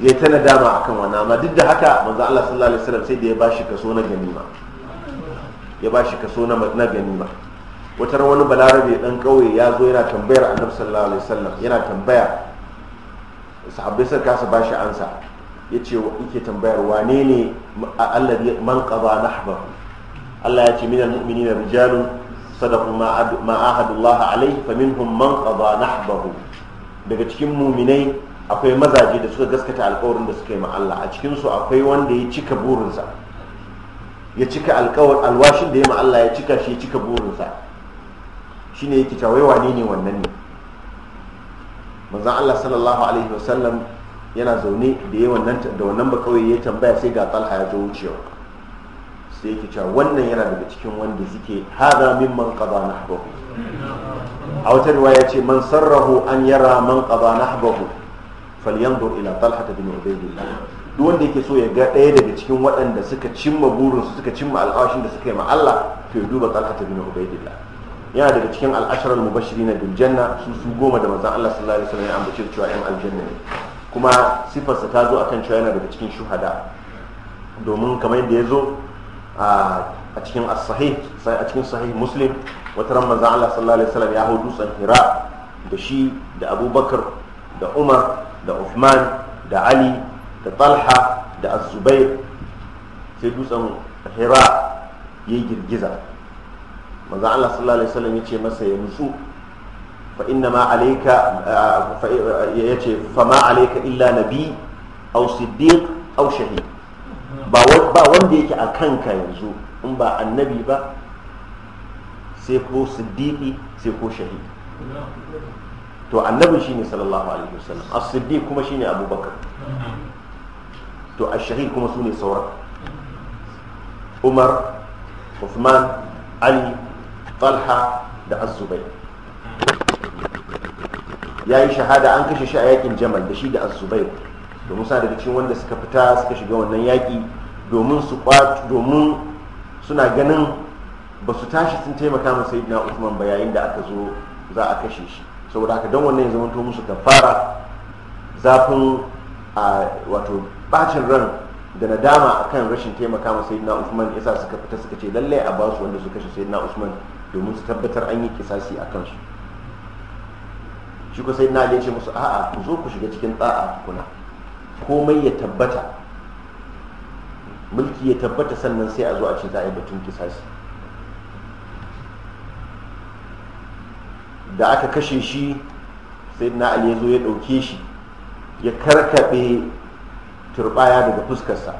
ya ta nadama akan wani amma duk da haka manzo Allah sallallahu alaihi wasallam sai da ya bashi kaso na ganima ya bashi kaso na na ganima wata wani balarabe dan kauye ya zo yana tambayar annabi sallallahu alaihi wasallam yana tambaya sahabbai sai kasa bashi ansa ya ce yake tambayar wane ne a allabi man na haɓar Allah ya ce al-mu'mini na rijalun sadaku ma fa min faminhum man na haɓar daga cikin muminai akwai mazaje da suka gaskata alkawarin da suka yi ma Allah a cikinsu akwai wanda ya cika burinsa ya cika alkawar alwashin da ya ma Allah ya cika shi ya cika burinsa shine yake wai wane ne wannan ne manzan Allah sallallahu alaihi wasallam yana zaune da yawan nan da wannan bakawai ya tambaya sai ga talha ya zo wucewa sai yake cewa wannan yana daga cikin wanda suke hada mimman qada nahbahu a wata riwaya ce man sarrahu an yara man qada nahbahu falyanzur ila talha bin ubaydillah duk wanda yake so ya ga ɗaya daga cikin waɗanda suka cimma burinsu suka cimma al'ashin da suka yi ma Allah to ya duba talha bin ubaydillah yana daga cikin al'asharar mubashiri na janna su su goma da manzon Allah sallallahu alaihi wasallam ya ambace cewa yan aljanna ne kuma sifarsa ta zo akan cewa yana daga cikin shuhada domin kamar yadda ya zo a cikin sahih a cikin sahih muslim wata ran manzon Allah sallallahu alaihi wasallam ya hau dutsen Hira da shi da Abubakar da Umar da Uthman da Ali da Talha da Az-Zubair sai dutsen Hira yayi girgiza manzon Allah sallallahu alaihi wasallam ya ce masa ya nutsu fa inna ma alayka uh, uh, yace fa ma alayka illa nabi aw siddiq aw shahid ba wanda yake a kanka yanzu in ba annabi ba sai ko siddiqi sai ko shahid to annabin shine sallallahu alaihi wasallam as-siddiq kuma shine abubakar to ash-shahid kuma sune sauran umar uthman ali talha da az ya yi shahada an kashe shi a yakin jamal da shi da azubai domin sa daga cikin wanda suka fita suka shiga wannan yaki domin su domin suna ganin ba su tashi sun taimaka masa yi na usman ba yayin da aka zo za a kashe shi saboda haka don wannan ya to musu kafara zafin a wato bacin ran da nadama akan rashin taimaka masa yi na usman yasa suka fita suka ce lallai a basu wanda su kashe na usman domin su tabbatar an yi kisasi a kansu shi ko sai na ya ce musu a'a ku zo ku shiga cikin tsa'a kuna komai ya tabbata mulki ya tabbata sannan sai a zo a ce za a yi batun kisasi da aka kashe shi sai na ali ya zo ya ɗauke shi ya karkaɓe turbaya daga fuskarsa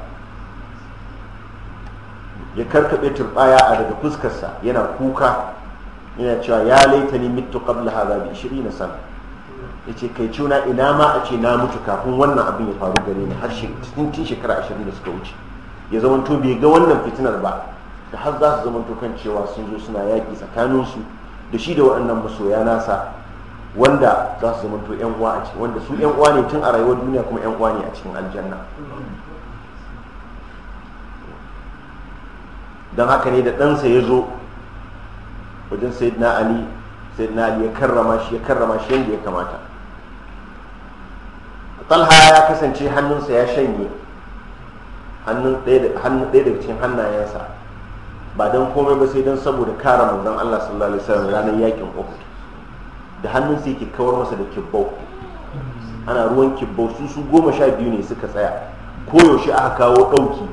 ya karkaɓe turbaya a daga fuskarsa yana kuka yana cewa ya laitani mitu qabla hadha bi 20 sana ya ce kai cuna ina ma a ce na mutu kafin wannan abin ya faru gare ni har cikin shekara ashirin da suka wuce ya zamanto bai ga wannan fitinar ba da har za su zamanto kan cewa sun zo suna yaƙi tsakaninsu da shi da waɗannan masoya nasa wanda za su zamanto yan uwa a cikin wanda su yan uwa ne tun a rayuwar duniya kuma yan uwa ne a cikin aljanna don haka ne da ɗansa ya zo wajen sayyidina ali ali ya karrama ya karrama shi yadda ya kamata talha ya kasance hannunsa ya shanye hannun ɗaya daga cikin hannayensa ba don komai ba sai don saboda kare manzon Allah sallallahu alaihi wasallam ranar yakin Uhud da hannunsa yake kawar masa da kibbau ana ruwan kibbau su su goma sha biyu ne suka tsaya koyaushe aka kawo ɗauki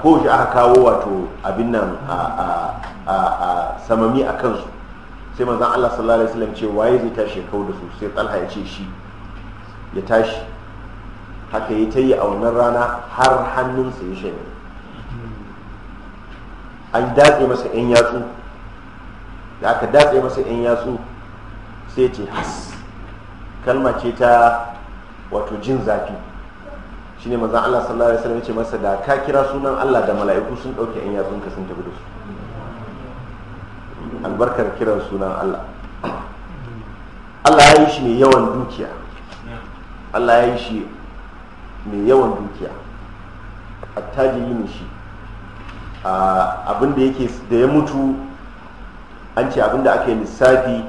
koyaushe aka kawo wato abin nan a samami a kansu sai manzon Allah sallallahu alaihi wasallam ce waye zai tashi ya kawo da su sai talha ya ce shi ya tashi haka ya ta yi a wannan rana har hannunsa ya shanye an datse masa 'yan yatsu da aka datse masa 'yan yatsu sai ce has kalma ce ta wato jin zafi Shi ne mazan Allah sallallahu alaihi wasallam ya ce masa da ka kira sunan Allah da mala'iku sun dauke 'yan yatsunka sun tafi da su albarkar kiran sunan Allah Allah ya yi shi mai yawan dukiya Allah ya yi shi mai yawan dukiya a taji ne shi abinda yake da ya mutu an ce abinda aka yi lissafi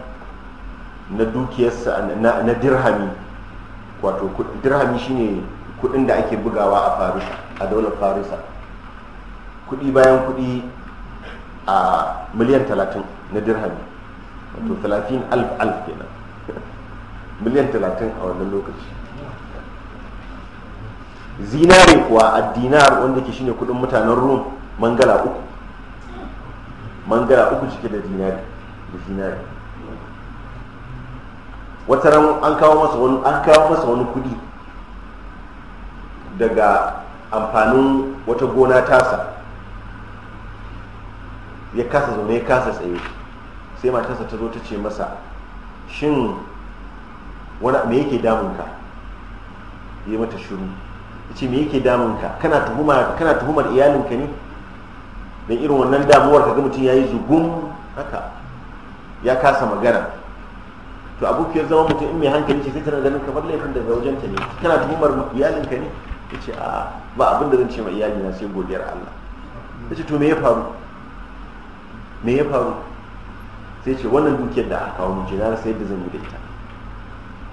na dukiyarsa na dirhami wato dirhami shine kudin da ake bugawa a farisa a daular farisa kudi bayan kudi a miliyan talatin na dirhami wato talatin alf alf kenan miliyan talatin a wannan lokaci zinare kuwa a dinar wanda ke shine kudin mutanen rum mangala uku mangala uku cike da zinare da zinare wata ran an kawo masa wani an kawo masa wani kudi daga amfanin wata gona tasa ya kasa zaune ya kasa tsaye sai matarsa ta zo ta ce masa shin wani me yake damunka yi mata shiru ce me yake damun ka kana tuhuma kana tuhumar iyalinka ne dan irin wannan damuwar kaga mutum yayi zugun haka ya kasa magana to abokiyar zama mutum in mai hankali ce sai tana ganin kamar laifin daga wajen ta ne kana tuhumar iyalinka ne yace a ba abin da zan ce ma iyalina sai godiyar Allah yace to me ya faru me ya faru sai ce wannan dukiyar da aka kawo mun ce na rasa yadda zan yi da ita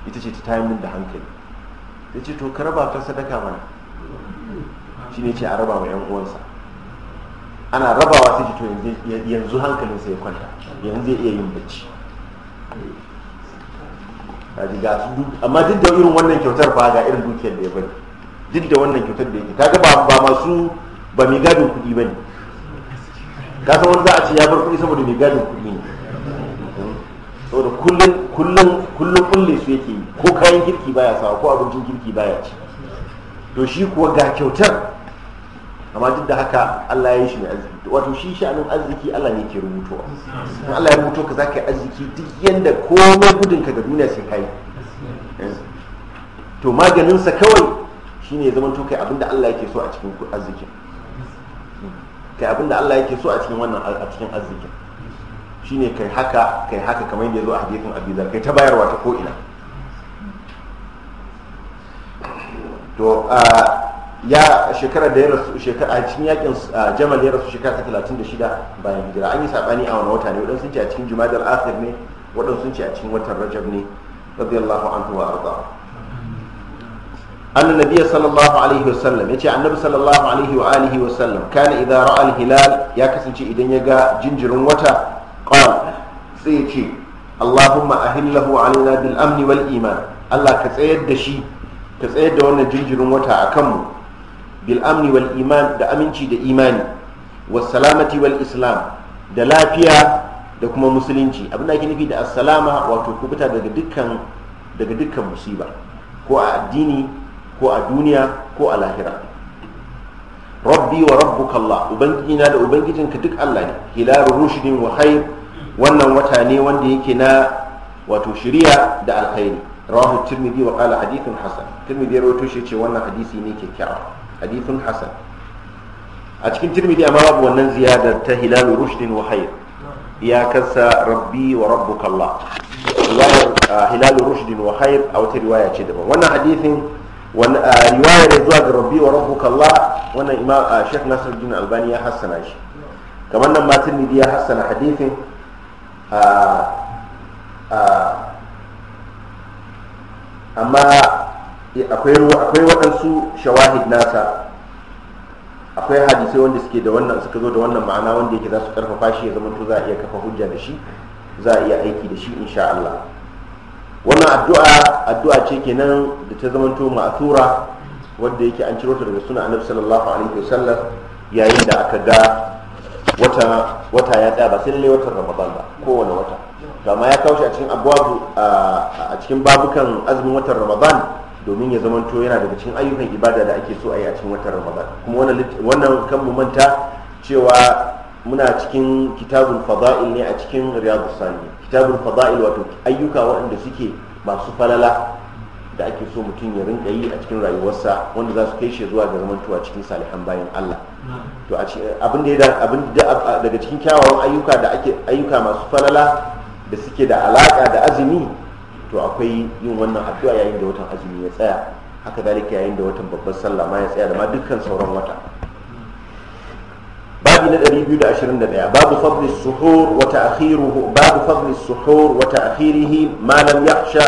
ita ce ta tayi min da hankali ya ce to ka raba ta sadaka mana shi ne ce a raba wa 'yan uwansa ana rabawa sai ce to yanzu hankalinsa ya kwanta yanzu zai iya yin bacci amma duk da irin wannan kyautar ba ga irin dukiyar da ya bari duk da wannan kyautar da yake kaga ba masu ba mai gadin kuɗi ba ka san wani za a ce ya bar kuɗi saboda mai gadin kuɗi ne saboda kullum kullum kullum kulle su yake yi ko kayan kirki baya sawa ko abincin kirki baya ci to shi kuwa ga kyautar amma duk da haka Allah ya yi shi mai arziki wato shi sha'anin arziki Allah ne ke rubuto in Allah ya rubuto ka zaka yi arziki duk yanda komai gudun ka ga duniya sai kai eh. to maganin sa kawai shine ya zamanto kai abinda Allah yake so a cikin arzikin kai abinda Allah yake so a cikin wannan a cikin arzikin shine kai haka kai haka kamar yadda ya zo a hadithin abizar kai ta bayarwa ta ko'ina to ya shekara da ya rasu shekara a cikin yakin jamal ya rasu shekara ta 36 bayan hijira an yi sabani a wani wata ne waɗansu ce a cikin jumadal asir ne waɗansu ce a cikin watan rajab ne radiyallahu anhu wa arda أن sallallahu alaihi الله عليه وسلم يتي عن النبي صلى الله عليه وآله وسلم Al-Hilal ya kasance idan ya ga jinjirin wata. qala sai ce Allahumma ahillahu alaina bil amni wal Allah ka tsayar da ka tsayar da wannan jinjirin wata akan mu bil amni wal iman da aminci da imani was salamati wal islam da lafiya da kuma musulunci abin da ake nufi da asalama wato kubuta daga dukkan musiba ko a addini ko a duniya ko a lahira rabbi wa rabbuka Allah ubangijina da ubangijinka duk Allah ne hilaru rushdin wa wannan wata ne wanda yake na wato shiriya da alkhairi rawahu tirmidhi wa qala hadithun hasan tirmidhi rawaito shi ce wannan hadisi ne ke kyakkyawa hadithun hasan a cikin tirmidhi amma babu wannan ziyadar ta hilal rushdin wa khair iyakarsa rabbi wa rabbuka allah riwayar hilal rushdin wa khair a wata riwaya ce daban wannan hadithin riwaya da zuwa ga rabbi wa rabbuka allah wannan imam sheikh nasiruddin albani ya hassana shi kamar nan ma tirmidhi ya hassana hadithin Ah, ah. amma akwai waɗansu shawahid nasa akwai hadisai wanda suke da wannan suka zo da wannan ma'ana wanda yake za su karfafa shi ya to za a iya kafa hujja da shi za a iya aiki da shi insha Allah wannan addu'a addu'a ce kenan da ta zamanto ma'atura wanda yake an ciro ta daga suna annabi sallallahu alaihi wasallam yayin da aka ga wata wata ya tsaya ba sai lalle watan ramadan ba kowane wata amma ya kawo shi a cikin abwabu a cikin babukan azumin watan ramadan domin ya zamanto yana daga cikin ayyukan ibada da ake so a yi a cikin watan ramadan kuma wannan kan mu manta cewa muna cikin kitabul fada'il ne a cikin riyadu sani kitabul fada'il wato ayyuka waɗanda suke masu falala da ake so mutum ya rinka yi a cikin rayuwarsa wanda za su kai shi zuwa ga zamantowa cikin salihan bayan Allah to a abin da abin daga cikin kyawawan ayyuka da ake ayyuka masu falala da suke da alaka da azumi to akwai yin wannan addu'a yayin da watan azumi ya tsaya haka dalika yayin da watan babbar sallah ma ya tsaya da ma dukkan sauran wata babu na 221 babu fadli suhur wa ta'khiruhu babu fadli suhur wa ta'khirihi ma lam yakhsha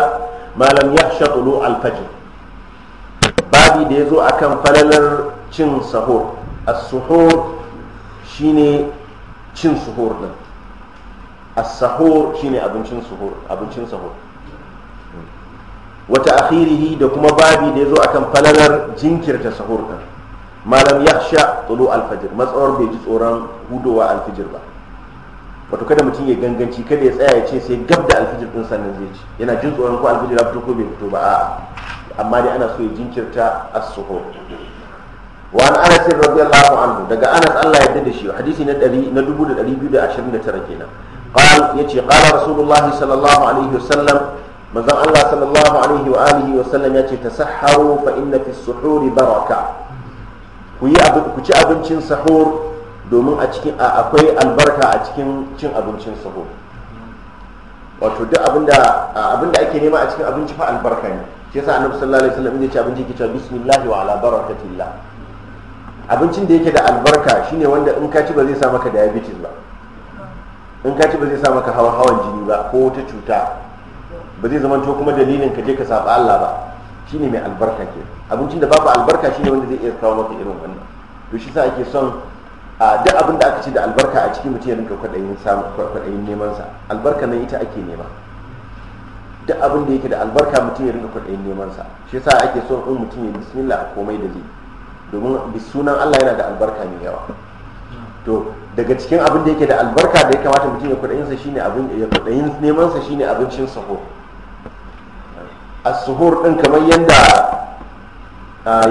ma lam yakhsha tulu al-fajr babu da yazo akan falalar cin sahur as-suhur shine cin suhur din as-sahur shine abincin suhur abincin sahur wata da kuma babi da yazo akan falalar jinkirta sahur din malam yahsha tulu al matsawar bai ji tsoron hudowa al-fajr ba wato kada mutum ya ganganci kada ya tsaya ya ce sai gab da alfijir din sannan zai ci yana jin tsoron ko alfijir ya fito ko bai fito ba a'a amma dai ana so ya jinkirta as wa an anas radiyallahu anhu daga anas Allah ya da shi hadisi na 100 na tara kenan qal yace qala rasulullahi sallallahu alaihi wasallam manzon Allah sallallahu alaihi wa alihi wasallam yace tasahharu fa inna fi suhuri baraka ku yi ku ci abincin sahur domin a cikin akwai albarka a cikin cin abincin sahur wato duk abinda abinda ake nema a cikin abinci fa albarka ne shi yasa annabi sallallahu alaihi wasallam ya ce abinci ke cewa bismillah wa ala barakatillah abincin da yake da albarka shine wanda in ka ci ba zai sa maka diabetes ba in ka ci ba zai sa maka hawan hawan jini ba ko wata cuta ba zai to kuma dalilin ka je ka saba Allah ba shine mai albarka ke abincin da babu albarka shine wanda zai iya kawo maka irin wannan to shi sa ake son a duk abin da aka ci da albarka a cikin mutum ya rinka kwaɗayin kwaɗayin neman sa albarka nan ita ake nema duk abin da yake da albarka mutum ya rinka kwaɗayin neman sa shi sa ake son in mutum ya bismillah komai da zai domin sunan Allah yana da albarka mai yawa to daga cikin abin da yake da albarka da ya kamata mutum ya kudayinsa shine abin ya kudayin neman sa shine abincin sahur as-suhur din kamar yadda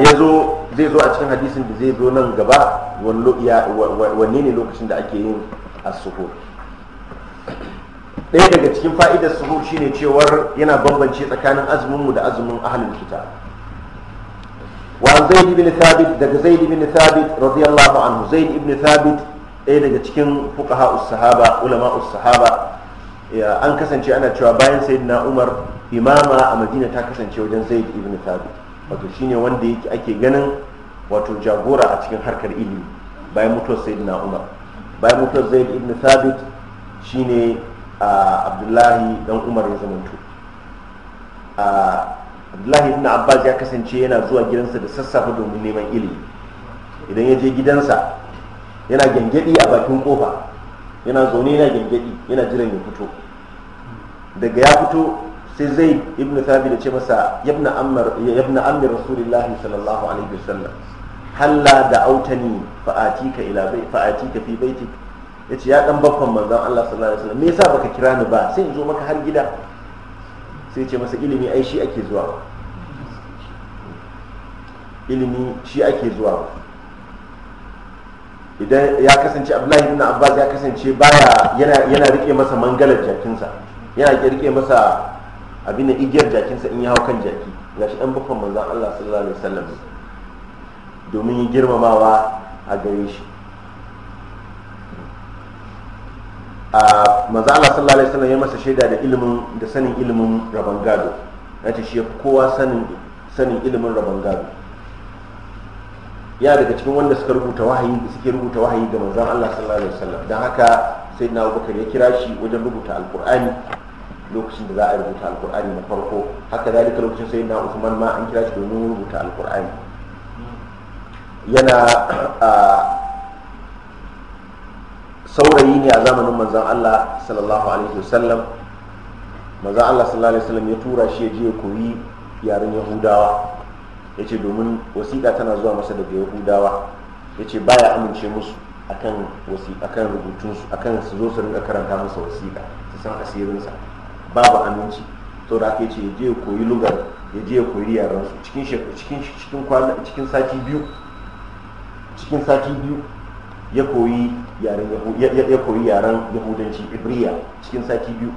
ya zo zai zo a cikin hadisin da zai zo nan gaba wanne ne lokacin da ake yin as-suhur ɗaya daga cikin fa'idar suhur shine cewar yana bambance tsakanin azumin mu da azumin ahalin kitab wa zaid ibn thabit daga zaid ibn thabit radiyallahu anhu zaid ibn thabit ɗaya daga cikin fuqaha us-sahaba ulama sahaba an kasance ana cewa bayan sayyidina umar imama a madina ta kasance wajen zaid ibn thabit wato shine wanda yake ake ganin wato jagora a cikin harkar ilimi bayan mutuwar sayyidina umar bayan mutuwar zaid ibn thabit shine abdullahi dan umar ya zamanto abdullahi ibn abbas ya kasance yana zuwa gidansa da sassafe domin neman ilimi idan ya je gidansa yana gyangyaɗi a bakin kofa yana zaune yana gyangyaɗi yana jiran ya fito daga ya fito sai zai ibn thabi da ce masa yabna ammar yabna ammi rasulillahi sallallahu alaihi wasallam halla da autani fa'atika ila bai fa'atika fi baitik yace ya dan baffan manzon Allah sallallahu alaihi wasallam me yasa baka kira ni ba sai in zo maka har gida sai ce masa ilimi ai shi ake zuwa ilimi shi ake zuwa idan ya kasance abdullahi ibn abbas ya kasance baya yana yana rike masa mangalar jakinsa yana rike masa abin da igiyar jakinsa in ya hau kan jaki gashi dan bafan manzon Allah sallallahu alaihi wasallam domin girmamawa a gare shi manzo Allah sallallahu alaihi wasallam ya masa shaida da ilimin da sanin ilimin rabon gado yace shi kowa sanin sanin ilimin rabon gado ya daga cikin wanda suka rubuta wahayi da suke rubuta wahayi ga manzon Allah sallallahu alaihi wasallam dan haka sai na Abubakar ya kira shi wajen rubuta alqur'ani lokacin da za a rubuta alqur'ani na farko haka dalika lokacin sai na Usman ma an kira shi domin rubuta alqur'ani yana saurayi ne a zamanin manzan Allah sallallahu alaihi wasallam manzan Allah sallallahu alaihi wasallam ya tura shi ya je koyi yaren yahudawa ya ce domin wasiƙa tana zuwa masa daga yahudawa ya ce baya amince musu akan akan rubutunsu akan su zo su rinka karanta masa wasiƙa su san asirinsa babu aminci to da ake ce ya je koyi lugar ya je koyi yarensu cikin cikin cikin sati biyu cikin sati biyu ya koyi yaren ya koyi yaren yahudanci ibriya cikin sati biyu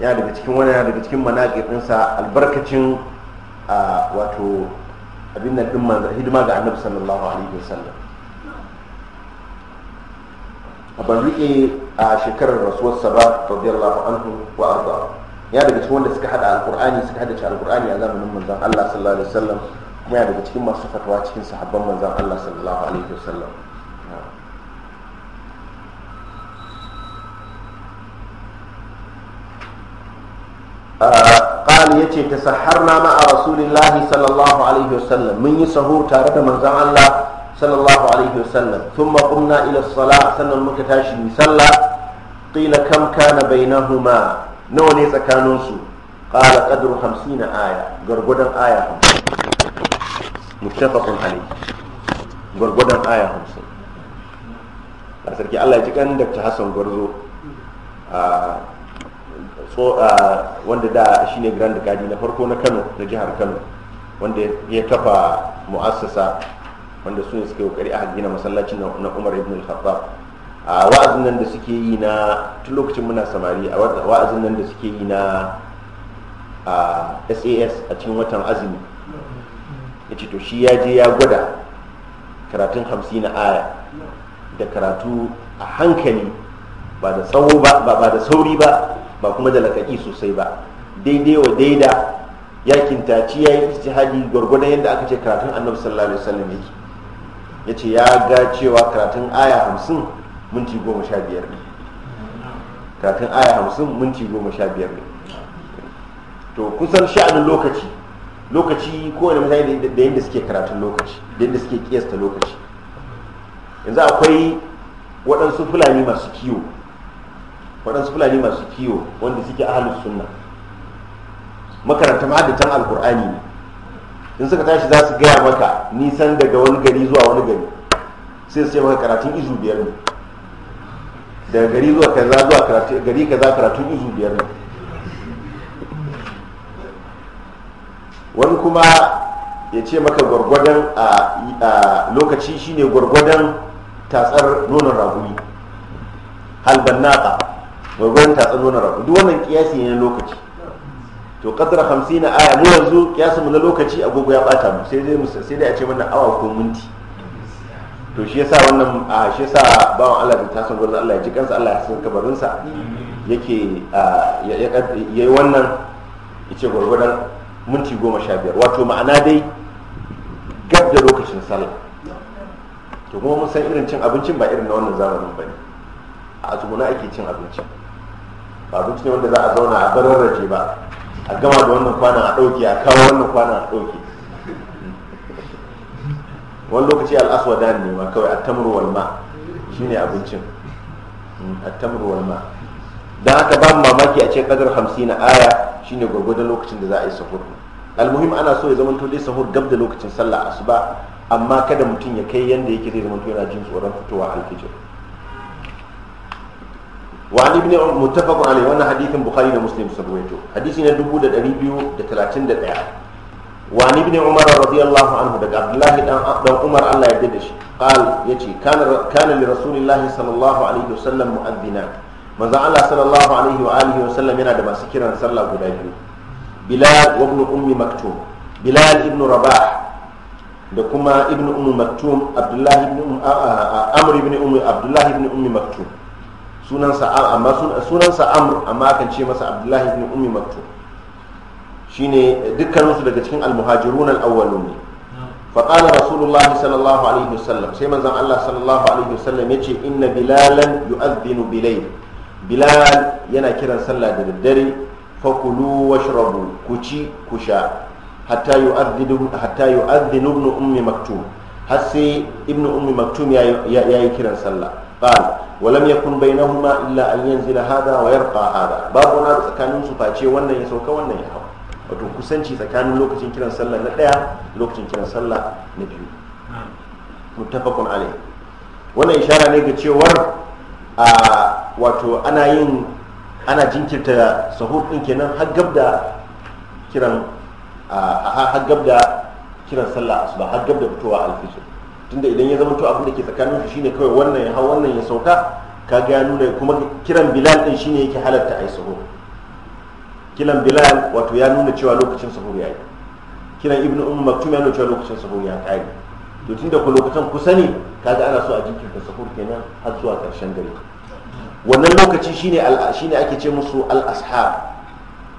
yana daga cikin wani daga cikin manaƙirinsa albarkacin a wato abin nan ɗin hidima ga annabi sallallahu alaihi wasallam a ban riƙe a shekarar rasuwarsa ba radiyallahu anhu wa arda ya daga cikin wanda suka hada alqur'ani suka hada ci alqur'ani a zamanin manzon Allah sallallahu alaihi wasallam kuma yana daga cikin masu fatawa cikin sahabban manzan Allah sallallahu alaihi wasallam قال يتي تسحرنا مع رسول الله صلى الله عليه وسلم من يسهور تارة من زعل الله صلى الله عليه وسلم ثم قمنا إلى الصلاة سنة المكتاشي صلى قيل كم كان بينهما نوني سكانوسو قال قدر خمسين آية قرقودا آية خمسين muttafaqun alayhi gurgudan aya 50 a sarki Allah ya ci kan Dr. Hassan Gwarzo a so wanda da shine Grand Gadi na farko na Kano na jihar Kano wanda ya kafa mu'assasa wanda su ne suka yi kokari a gina masallacin na Umar ibn al-Khattab a wa'azin nan da suke yi na tun lokacin muna samari a wa'azin nan da suke yi na A SAS a cikin watan azumi ya ce to shi ya je ya gwada karatun hamsin na aya da karatu a hankali ba da da sauri ba ba kuma da lakaki sosai ba daidai wa daida ya kintaci ya yi istihadi gwargwadon yadda aka ce karatun annabi sallallahu alaihi yake ya ce ya ga cewa karatun aya hamsin minti goma sha biyar ne karatun aya hamsin minti goma sha biyar ne to kusan sha'anin lokaci lokaci kowane mutane da yadda suke karatun lokaci da yadda suke kiyasta lokaci yanzu akwai waɗansu fulani masu kiwo waɗansu fulani masu kiwo wanda suke ahalus sunna makaranta ma'adatan alkur'ani ne in suka tashi za su gaya maka nisan daga wani gari zuwa wani gari sai su ce maka karatun izu biyar ne daga gari zuwa kaza zuwa gari kaza karatun izu biyar ne wani kuma ya ce maka gwargwadon a lokaci shine gwargwadon tatsar nonon raguni halban naka gwargwadon tatsar nonon raguni duk wannan kiyasi ne na lokaci to kadar hamsin na aya mu yanzu kiyasi mu na lokaci agogo ya bata mu sai dai sai dai a ce wannan awa ko minti to shi yasa wannan shi yasa bawan Allah da tasan gurin Allah ya ji kansa Allah ya san kabarinsa yake ya yi wannan ya ce gwargwadon minti goma sha biyar wato ma'ana dai gab da lokacin sallah to kuma mun san irin cin abincin ba irin na wannan zamanin ba ne a tsuguna ake cin abinci ba abinci ne wanda za a zauna a bararraje ba a gama da wannan kwana a ɗauke a kawo wannan kwana a ɗauke wani lokaci al'aswada ne ma kawai a tamurwar ma shine abincin hmm, a tamurwar ma don haka babu mamaki a ce kadar hamsin aya shine gwargwadon lokacin da za a yi sahur almuhim ana so ya zamanto dai sahur gab da lokacin sallah asuba amma kada mutum ya kai yanda yake zai zamanto yana jin tsoron fitowa alfijir wa an ibn muttafaq alayhi wannan hadithin bukhari da muslim sun rawaito hadisi na 2231 wa an ibn umar radiyallahu anhu daga abdullahi dan dan umar Allah ya yarda da shi qal yace kana kana li rasulillahi sallallahu alaihi wasallam mu'adhdhinan manzon Allah sallallahu alaihi wa alihi wa sallam yana da masu kiran sallah guda biyu Bilal wa ibn ummi maktum Bilal ibn Rabah da kuma ibn ummi maktum Abdullah ibn um Amr ibn ummi Abdullah ibn ummi maktum sunansa amma sunansa Amr amma kan ce masa Abdullah ibn ummi maktum shine dukkaninsu daga cikin almuhajirun al-awwalun ne فقال رسول الله صلى الله عليه وسلم سيما زم الله صلى الله عليه وسلم يجي إن بلالا يؤذن بليل bilal yana kiran sallah da daddare fakulu washrabu ku ci ku sha hatta yu'adhdhinu ibnu ummi maktum har sai ibnu ummi maktum ya yi kiran sallah qala ولم يكن بينهما الا ان ينزل هذا ويرقى هذا babu na tsakanin su face wannan ya sauka wannan ya hawa wato kusanci tsakanin lokacin kiran sallah na ɗaya lokacin kiran sallah na biyu muttafaqun alaihi wannan ishara ne ga cewar a wato ana yin ana jinkirta sahur din kenan har gab da kiran har gab da kiran sallah asuba har gab da fitowa alfijir tunda idan ya zama to abin da ke tsakanin su shine kawai wannan ya hau wannan ya sauka ka ga nuna kuma kiran bilal din shine yake halatta ai sahur kiran bilal wato ya nuna cewa lokacin sahur yi kiran ibnu umar tumi ya nuna cewa lokacin sahur ya kai to tunda ku lokacin ku sani kaga ana so a jinkirta sahur kenan har zuwa karshen dare wannan lokaci shine shine ake ce musu al-ashar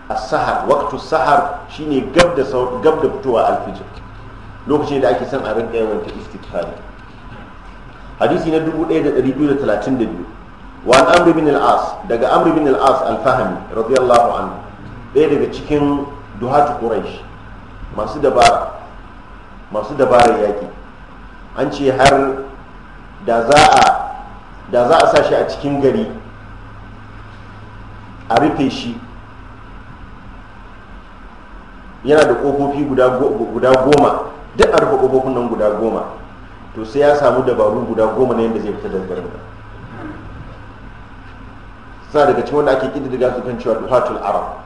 as-sahar waqtu sahar shine gab da gab da fitowa al-fijr lokacin da ake son a rinka yawan ta istighfar hadisi na 1232 wa amr bin al-as daga amr bin al-as al-fahmi radiyallahu anhu ɗaya daga cikin duhatu quraish masu dabara masu dabarar yaƙi an ce har da za a da a sa shi a cikin gari a rufe shi yana da ƙofofi guda goma duk a rufe ƙofofin nan guda goma to sai ya samu dabaru guda goma na yadda zai fita zubar da Sa daga cikin wanda ake kidda su kan cewa duhatul arab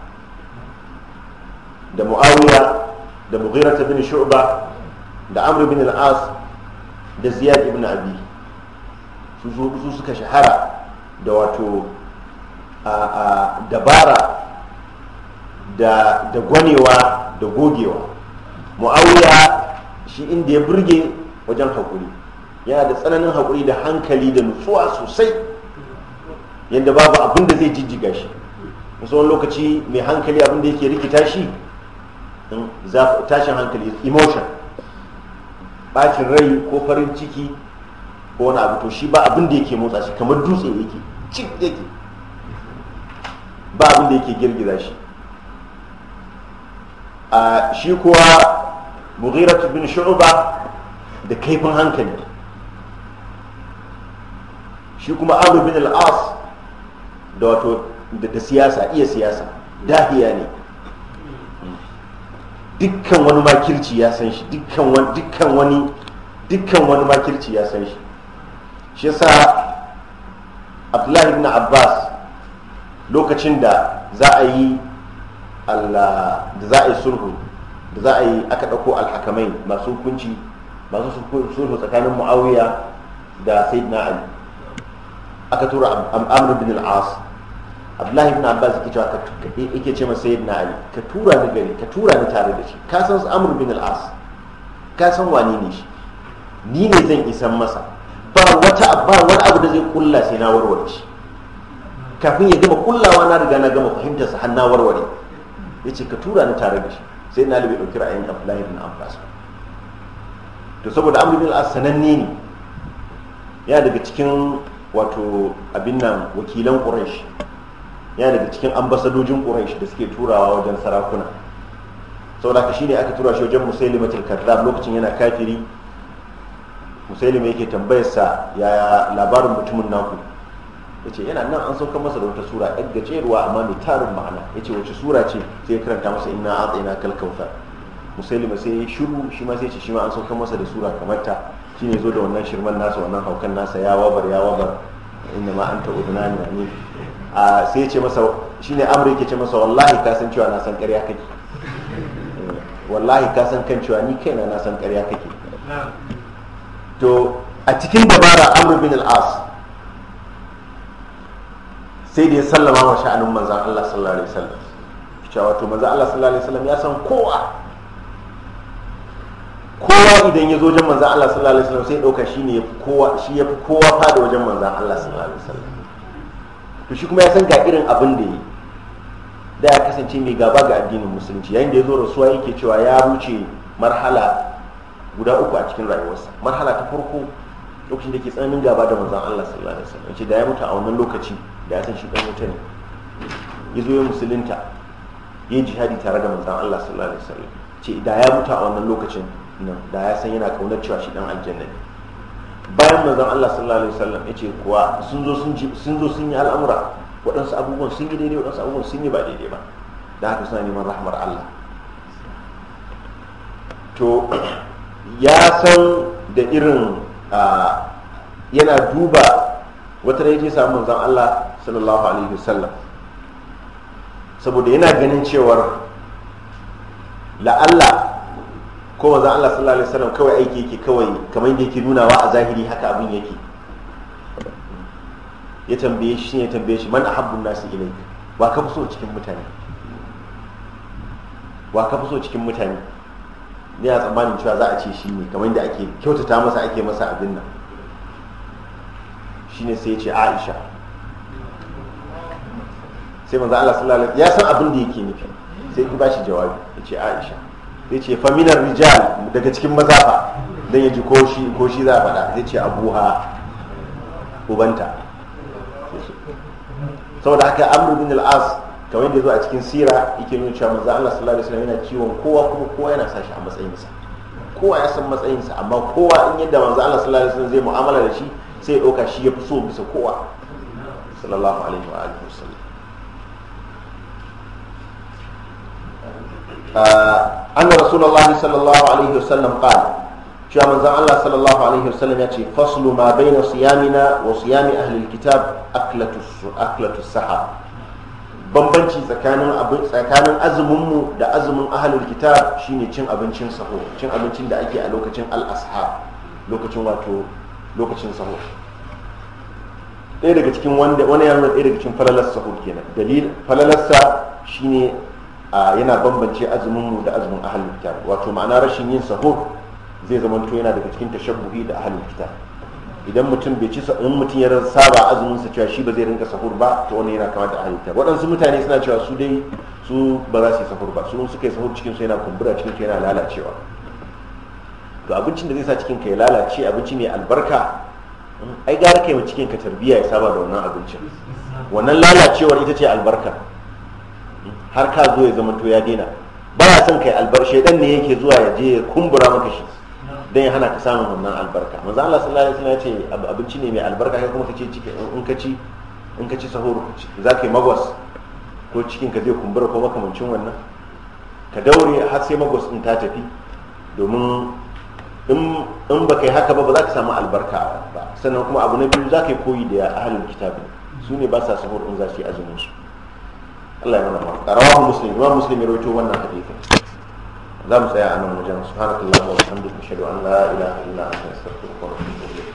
da mu'awiya da mughira bin shu'ba da amr bin al-as da ziyad ibn abi su su suka shahara da wato dabara da gwanewa da gogewa mu'awiya shi inda ya burge wajen hakuri yana da tsananin hakuri da hankali da nutsuwa sosai yadda babu abin da zai jijjiga shi musamman lokaci mai hankali abin da yake rikita shi tashin hankali emotion bacin rai ko farin ciki ko wani abu to shi ba abin da yake motsa shi kamar dutse yake cik yake ba abin da yake girgiza shi a shi kuwa mughiratu bin shu'ba da kaifin hankali shi kuma abu bin al'as da wato da siyasa iya siyasa dahiya ne dukkan wani makirci ya san shi dukkan wani dukkan wani makirci ya san shi shi yasa Abdullahi ibn Abbas lokacin da za a yi Allah da za a yi sulhu da za a yi aka ɗauko alhakamai masu hukunci masu sulhu tsakanin Muawiya da Sayyidina Ali aka tura Amr ibn al-As abdullahi ibn abbas yake cewa yake ce masa sayyidina ali ka tura ni gari ka tura ni tare da shi ka san amr bin al-as ka san wani ne shi ni ne zan isan masa ba wata ba wani abu da zai kulla sai na warware shi kafin ya gama kullawa na riga na gama fahimtar sa har na warware yace ka tura ni tare da shi sai na bai dauki ra'ayin abdullahi ibn abbas to saboda amr bin al-as sananne ne ya daga cikin wato abin nan wakilan quraish Ya daga cikin ambasadojin quraish da suke turawa wajen sarakuna saboda ka shine aka tura shi wajen musailimatul kadhab lokacin yana kafiri musailima yake tambayar sa ya labarin mutumin naku yace yana nan an sauka masa da wata sura yar gajeruwa amma mai tarin ma'ana yace wace sura ce sai ya karanta masa inna a'tayna kal kautsar musailima sai ya shiru shi ma sai ce shi ma an sauka masa da sura kamar ta shine zo da wannan shirman nasa wannan haukan nasa ya wabar ya wabar inda ma anta udnani ne a sai ce masa shine amri ke ce masa wallahi ka san cewa na san ƙarya kake wallahi ka san kan cewa ni kaina na san ƙarya kake to a cikin dabara amr bin al-as sai da ya sallama wa sha'anin manzan Allah sallallahu alaihi wasallam cewa wato manzan Allah sallallahu alaihi wasallam ya san kowa kowa idan ya zo wajen manzan Allah sallallahu alaihi wasallam sai dauka shine kowa shi yafi kowa fada wajen manzan Allah sallallahu alaihi wasallam to shi kuma ya san ga irin abin da yi da ya kasance mai gaba ga addinin musulunci yayin da ya zo rasuwa yake cewa ya wuce marhala guda uku a cikin rayuwarsa marhala ta farko lokacin da ke tsananin gaba da manzon Allah sallallahu alaihi wasallam da ya mutu a wannan lokaci da ya san shi dan wuta ne ya zo ya musulunta ya yi jihadi tare da manzon Allah sallallahu alaihi wasallam ce da ya mutu a wannan lokacin nan da ya san yana kaunar cewa shi dan aljanna ne bayan manzon Allah sallallahu alaihi wasallam yace kuwa sun zo sun sun zo sun yi al'amura waɗansu abubuwan sun yi daidai waɗansu abubuwan sun yi ba daidai ba da haka suna neman rahmar Allah to ya san da irin yana duba wata da yake samu manzon Allah sallallahu alaihi wasallam saboda yana ganin cewar la'alla ko manzon Allah sallallahu alaihi wasallam kawai aiki yake kawai kamar yadda yake nunawa a zahiri haka abin yake ya tambaye shi ya tambaye shi man ahabbun nasi ilayk wa ka fi so cikin mutane wa ka fi so cikin mutane ne a tsammanin cewa za a ce shi ne kamar yadda ake kyautata masa ake masa abin nan shine sai ya ce Aisha sai manzo Allah sallallahu alaihi ya san abin da yake nufi sai ki bashi jawabi ya ce Aisha ya ce faminar rijal daga cikin mazafa don ya ji ko shi za a faɗa ya ce abuha ubanta saboda haka amru bin al'as kamar yadda zo a cikin sira yake nuna cewa manzo Allah sallallahu alaihi wasallam yana ciwon kowa kuma kowa yana sashi a matsayinsa kowa ya san matsayinsa amma kowa in yadda manzo Allah sallallahu alaihi wasallam zai mu'amala da shi sai ya dauka shi ya fi so bisa kowa sallallahu alaihi wa alihi anna rasulullahi sallallahu alaihi wasallam qala cewa manzon Allah sallallahu alaihi wasallam ya ce faslu ma baina siyamina wa siyami ahli alkitab aklatu sahar bambanci tsakanin tsakanin da azumin ahlul kitab shine cin abincin sahur cin abincin da ake a lokacin al-ashab lokacin wato lokacin sahur ɗaya daga cikin wani ya nuna ɗaya daga cikin falalassa sahur kenan dalil falalarsa shine yana bambance azumin mu da azumin ahlul kitab wato ma'ana rashin yin sahur zai to yana daga cikin tashabbuhi da ahlul kitab idan mutum bai ci in mutum ya saba azumin sa cewa shi ba zai rinka sahur ba to wannan yana kama da ahlul kitab waɗansu mutane suna cewa su dai su ba za su yi sahur ba su suka yi sahur cikin su yana kumbura cikin su yana lalacewa to abincin da zai sa cikin ka ya lalace abinci mai albarka hmm, ai gara kai cikin ka tarbiya ya saba da wannan abincin wannan lalacewar ita ce albarka har ka zo ya zama to ya daina ba ya son kai albar shaidan ne yake zuwa ya je ya kumbura maka shi dan ya hana ka samun wannan albarka manzo Allah sallallahu alaihi wasallam ya ce abinci ne mai albarka kai kuma kace ciki in ka ci in ka ci sahur za ka yi magwas ko cikin ka zai kumbura ko makamancin wannan ka daure har sai magwas din ta tafi domin in baka yi haka ba ba za ka samu albarka ba sannan kuma abu na biyu za ka yi koyi da ahalin kitabin su ne ba sa sahur in za su yi azumin su Allah ya mana mafita rawahu muslim imam muslim ya rawaito wannan hadithin za mu tsaya a nan wajen subhanakallahumma wa bihamdika ashhadu an la ilaha illa anta wa atubu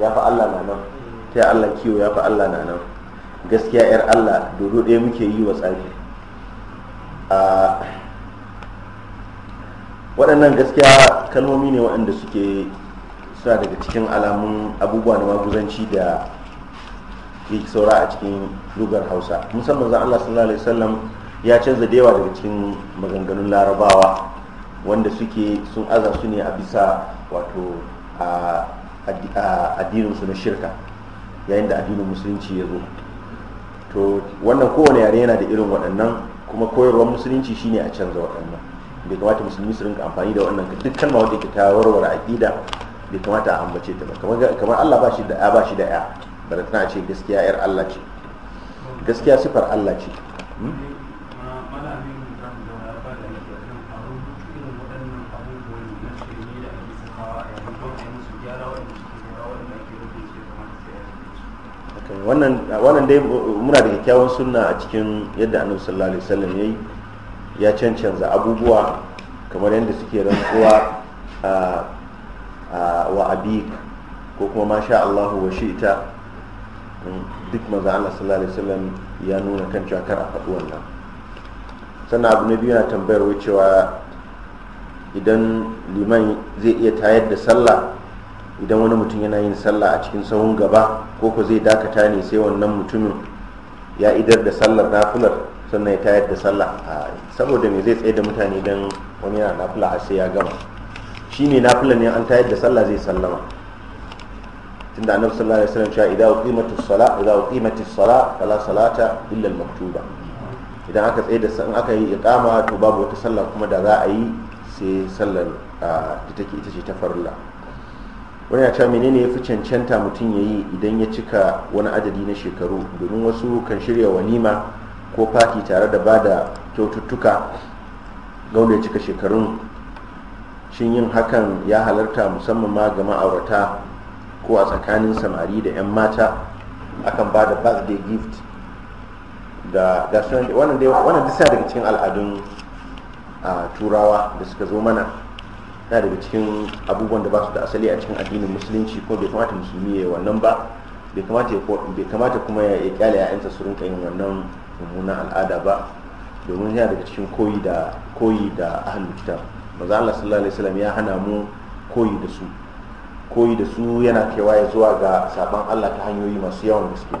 ya fi Allah na nan ta Allah kiwo ya fi Allah na nan gaskiya yar Allah dodo ɗaya muke yi wa tsari waɗannan gaskiya kalmomi ne waɗanda suke suna daga cikin alamun abubuwa na maguzanci da ke saura a cikin lugar hausa musamman za Allah sallallahu alaihi wasallam ya canza da yawa daga cikin maganganun larabawa wanda suke sun aza su ne a bisa wato addininsu na shirka yayin da addinin musulunci ya zo to wannan kowane yare yana da irin waɗannan kuma koyarwar musulunci shine a canza waɗannan bai kamata musulmi su rinka amfani da wannan duk kalma wanda ke ta warware aqida bai kamata a ambace ta ba kamar Allah ba shi da ya ba shi da ya bari tana ce gaskiya yar Allah ce gaskiya sifar Allah ce hmm? wannan dai muna da kyakkyawan sunna a cikin yadda annabi sallallahu alaihi wasallam yayi ya cancanza abubuwa kamar yadda suke rantsuwa wa abik ko kuma masha Allahu wa shi'ta mm, duk maza Allah sallallahu alaihi wasallam ya nuna kan cewa kar a faɗi wannan sannan abu na biyu na tambayar wucewa idan liman zai iya tayar da sallah idan wani mutum yana yin sallah a cikin sahun gaba ko ko zai dakata ne sai wannan mutumin ya idar da sallar nafular sannan ya tayar da sallah saboda me zai tsaye da mutane don wani yana nafula a sai ya gama shi ne nafular ne an tayar da sallah zai sallama da annabi sallallahu alaihi wasallam cewa idan uqimatis sala idan uqimatis sala fala salata illa al-maktuba idan aka tsaye da in aka yi iqama to babu wata sallah kuma da za a yi sai sallar ta take ita ce ta farilla wani ya ta menene ya fi cancanta mutum ya yi idan ya cika wani adadi na shekaru domin wasu kan shirya walima ko fati tare da ba da kyaututtuka wanda ya cika shekarun shin yin hakan ya halarta musamman ma ga ma'aurata ko a tsakanin samari da 'yan mata akan ba da birthday gift da gasu wannan daga cikin al'adun ah, turawa da suka zo mana na daga cikin abubuwan da ba su da asali a cikin addinin musulunci ko bai kamata musulmi ya yi wannan ba bai kamata kuma ya kyale ya'yansa su rinka yin wannan mummunan al'ada ba domin yana daga cikin koyi da koyi da ahalin kita maza Allah sallallahu alaihi wasallam ya hana mu koyi da su koyi da su yana kewa ya zuwa ga sabon Allah ta hanyoyi masu yawan gaske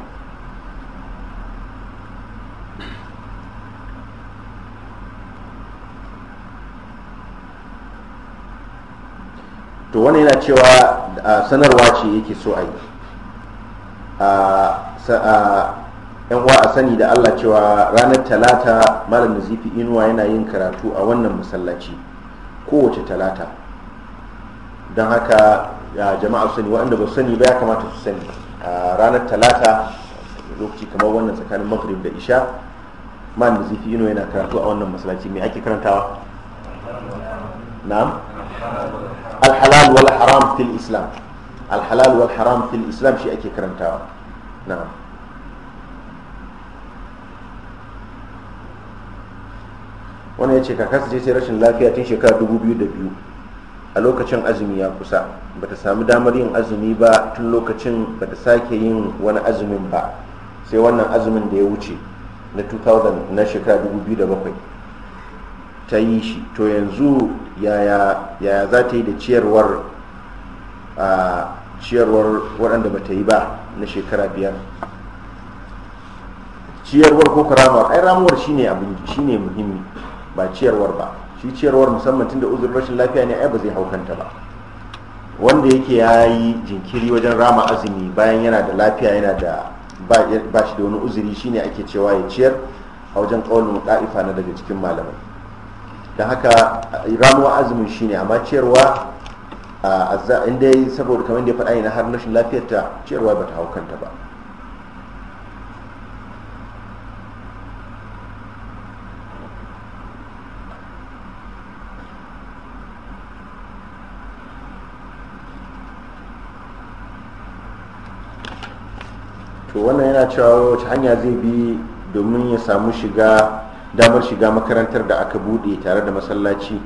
to wani yana cewa sanarwa ce yake so a yi yan uwa a sani da allah cewa ranar talata malam zifi, inuwa yana yin karatu a wannan masallaci kowace talata don haka jama'a sani waɗanda ba su sani ba ya kamata su sani ranar talata lokaci kamar wannan tsakanin maghrib da isha malam nazifi inuwa yana karatu a wannan masallaci mai ake karantawa na'am alhalal wal haram fil islam alhalal wal haram fil islam shi ake karantawa wani ya ce ka ce sai rashin lafiya tun shekara biyu a lokacin azumi ya kusa bata sami damar yin azumi ba tun lokacin bata sake yin wani azumin ba sai wannan azumin da ya wuce na 2000 na shekara bakwai. ta yi shi to yanzu yaya za ta yi da ciyarwar ciyarwar waɗanda ba ta yi ba na shekara biyar ciyarwar ko karamar ai ramuwar shine abin shine muhimmi ba ciyarwar ba shi ciyarwar musamman tun da uzurin rashin lafiya ne ai ba zai haukanta ba wanda yake ya yi jinkiri wajen rama azumi bayan yana da lafiya yana da ba shi da wani uzuri shine ake cewa ya ciyar a wajen ƙaunin ƙa'ifa na daga cikin malamai da haka ramuwa azumin shi ne amma ciyarwa in dai saboda kamar da ya faɗa na har rashin lafiyar ta ciyarwa ba ta hau kanta ba to wannan yana cewa wace hanya zai bi domin ya samu shiga damar shiga makarantar da aka bude tare da masallaci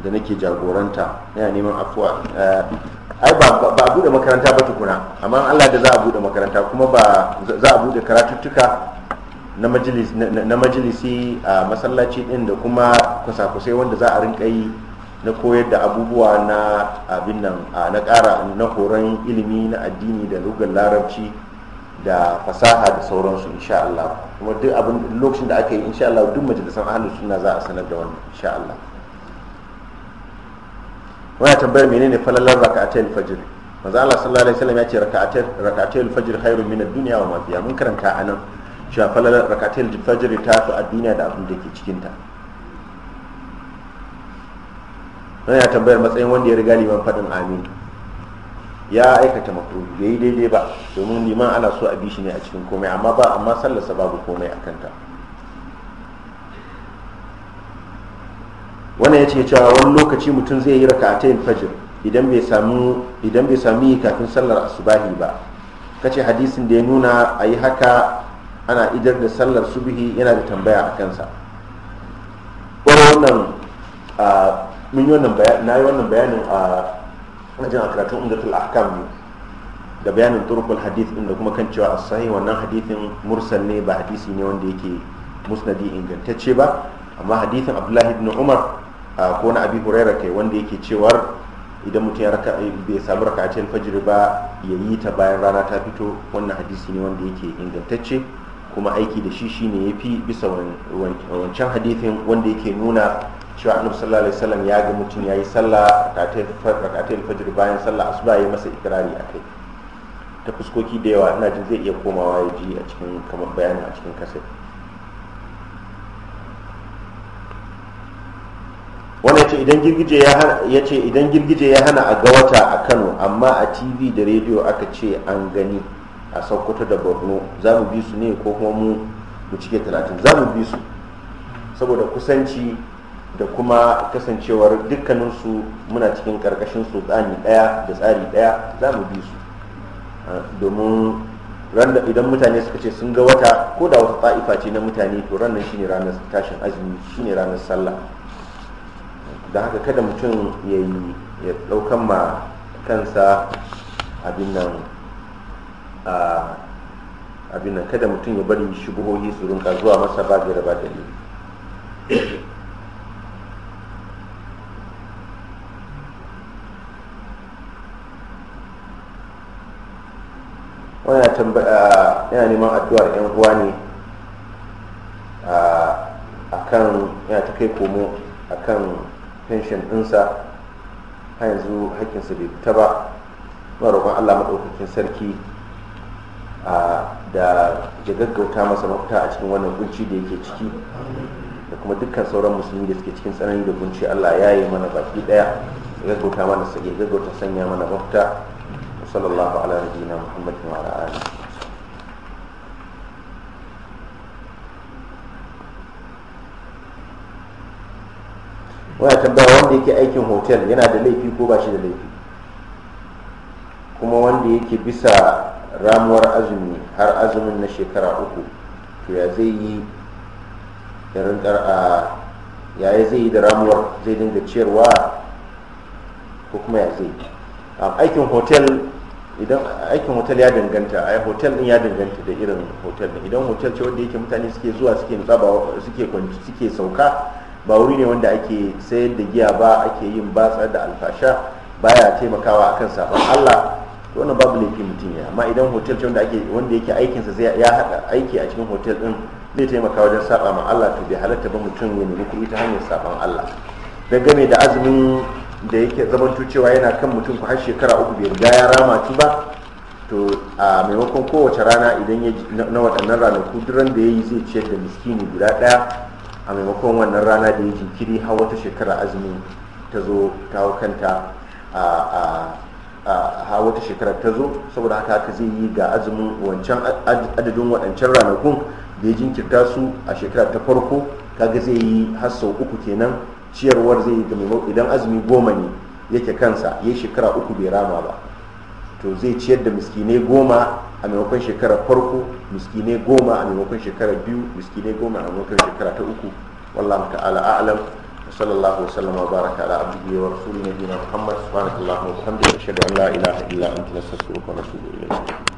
da nake jagoranta yana neman afuwa ai ba a bude makaranta ba tukuna amma allah da za a bude makaranta kuma ba za a bude karatuttuka na majalisi a masallaci ɗin da kuma kusa-kusai wanda za a rinka yi na koyar da abubuwa na abin nan na kara na horon ilimi na addini da lugar larabci da fasaha da sauransu insha Allah kuma duk abin lokacin da aka yi insha Allah duk majalisar ahlus sunna za a sanar da wannan insha Allah wani tambayar menene falalar raka'atul fajr manzo Allah sallallahu alaihi wasallam ya ce raka'atul raka'atul fajr khairun min ad-dunya wa ma fiha mun karanta a shi cewa falalar raka'atul fajr ta fi a duniya da abin da ke cikin ta wani tambayar matsayin wanda ya riga liman fadin amin ya aikata makruhi bai daidai ba domin liman ana so a bi shi ne a cikin komai amma ba amma sallarsa babu komai a kanta wannan ya ce cewa wani lokaci mutum zai yi raka a tayin Fajir idan bai sami kafin sallar asubahi ba kace hadisin da ya nuna a yi haka ana idar da sallar subhi yana da tambaya a kansa na yi wannan bayanin a Ana jin a karatun inda ahkam ne da bayanin turkul hadith din da kuma kan cewa asahi wannan hadithin mursal ne ba hadisi ne wanda yake musnadi ingantacce ba amma hadithin abdullahi ibn umar ko na abi huraira kai wanda yake cewar idan mutum ya raka bai samu raka'atul fajr ba ya yi ta bayan rana ta fito wannan hadisi ne wanda yake ingantacce kuma aiki da shi shine yafi bisa wancan hadithin wanda yake nuna cewa annabi sallallahu alaihi wasallam ya ga mutum yayi sallah rakatai fajr bayan sallah asuba yayi masa ikrari akai ta fuskoki da yawa ina jin zai iya komawa ya ji a cikin kamar bayanin a cikin kasai wannan yace idan girgije ya hana idan girgije ya hana a ga wata a Kano amma a TV da rediyo aka ce an gani a Sokoto da Borno za mu bi su ne ko kuma mu cike talatin za mu bi su saboda kusanci da kuma kasancewar dukkaninsu muna cikin karkashin sultani daya da tsari daya za mu bi su ah, domin idan mutane suka ce sun ga wata ko da wata ta'ifa ce na mutane to ranar shine ranar tashin azumi shine ranar sallah da haka kada mutum ya yi ya daukan ma kansa abin nan abin nan kada mutum ya bari shubuhohi su rinka zuwa masa ba gaba da dalili yana neman addu'ar yan uwa ne a kan yana ta kai komo a kan fenshin ɗinsa ha yanzu haƙƙinsa bai fita ba muna roƙon allah maɗaukakin sarki da ya gaggauta masa mafita a cikin wannan kunci da yake ciki da kuma dukkan sauran musulmi da suke cikin tsanani da kunci allah ya yi mana baki ɗaya ya gaggauta mana sanya mana mafita وصلى الله على نبينا محمد وعلى آله wani tambaya wanda yake aikin hotel yana da laifi ko ba shi da laifi kuma wanda yake bisa ramuwar azumi har azumin na shekara uku to ya zai yi da rinkar a yaya zai yi da ramuwar zai dinga ciyarwa ko kuma ya zai aikin hotel idan aikin hotel ya danganta ai hotel din ya danganta da irin hotel din idan hotel ce wanda yake mutane suke zuwa suke nutsa suke kwanci suke sauka ba wuri ne wanda ake sayar da giya ba ake yin batsa da alfasha baya taimakawa akan sabon Allah to wannan babu laifi mutum ya amma idan hotel ce wanda ake wanda yake aikin sa zai ya hada aiki a cikin hotel din zai taimaka wajen saba ma Allah to bai halatta ba mutum ya nemi kuɗi ta hanyar sabon Allah game da azumin da yake zamanto cewa yana kan mutum ku har shekara uku bai riga ya rama ba to a maimakon kowace rana idan ya na waɗannan ranaku duran da ya yi zai ciyar da miskini guda ɗaya a maimakon wannan rana da ya jinkiri har wata shekara azumi ta zo ta kanta a ha wata shekara ta zo saboda haka haka zai yi ga azumin wancan adadin waɗancan ranakun da ya jinkirta su a shekara ta farko kaga zai yi har sau uku kenan ciyarwar zai yi ta idan azumi goma ne yake kansa ya shekara uku bai rama ba to zai ciyar da miskinai goma a maimakon shekara farko miskinai goma a maimakon shekara biyu miskinai goma a maimakon shekara ta uku wallahu ta'ala a'lam sallallahu alaihi wasallam wa baraka ala abdihi wa rasulihi nabiyina sallallahu alaihi wa ta'ala wa hamdu lillahi la ilaha illa anta nastaghfiruka wa natubu ilayk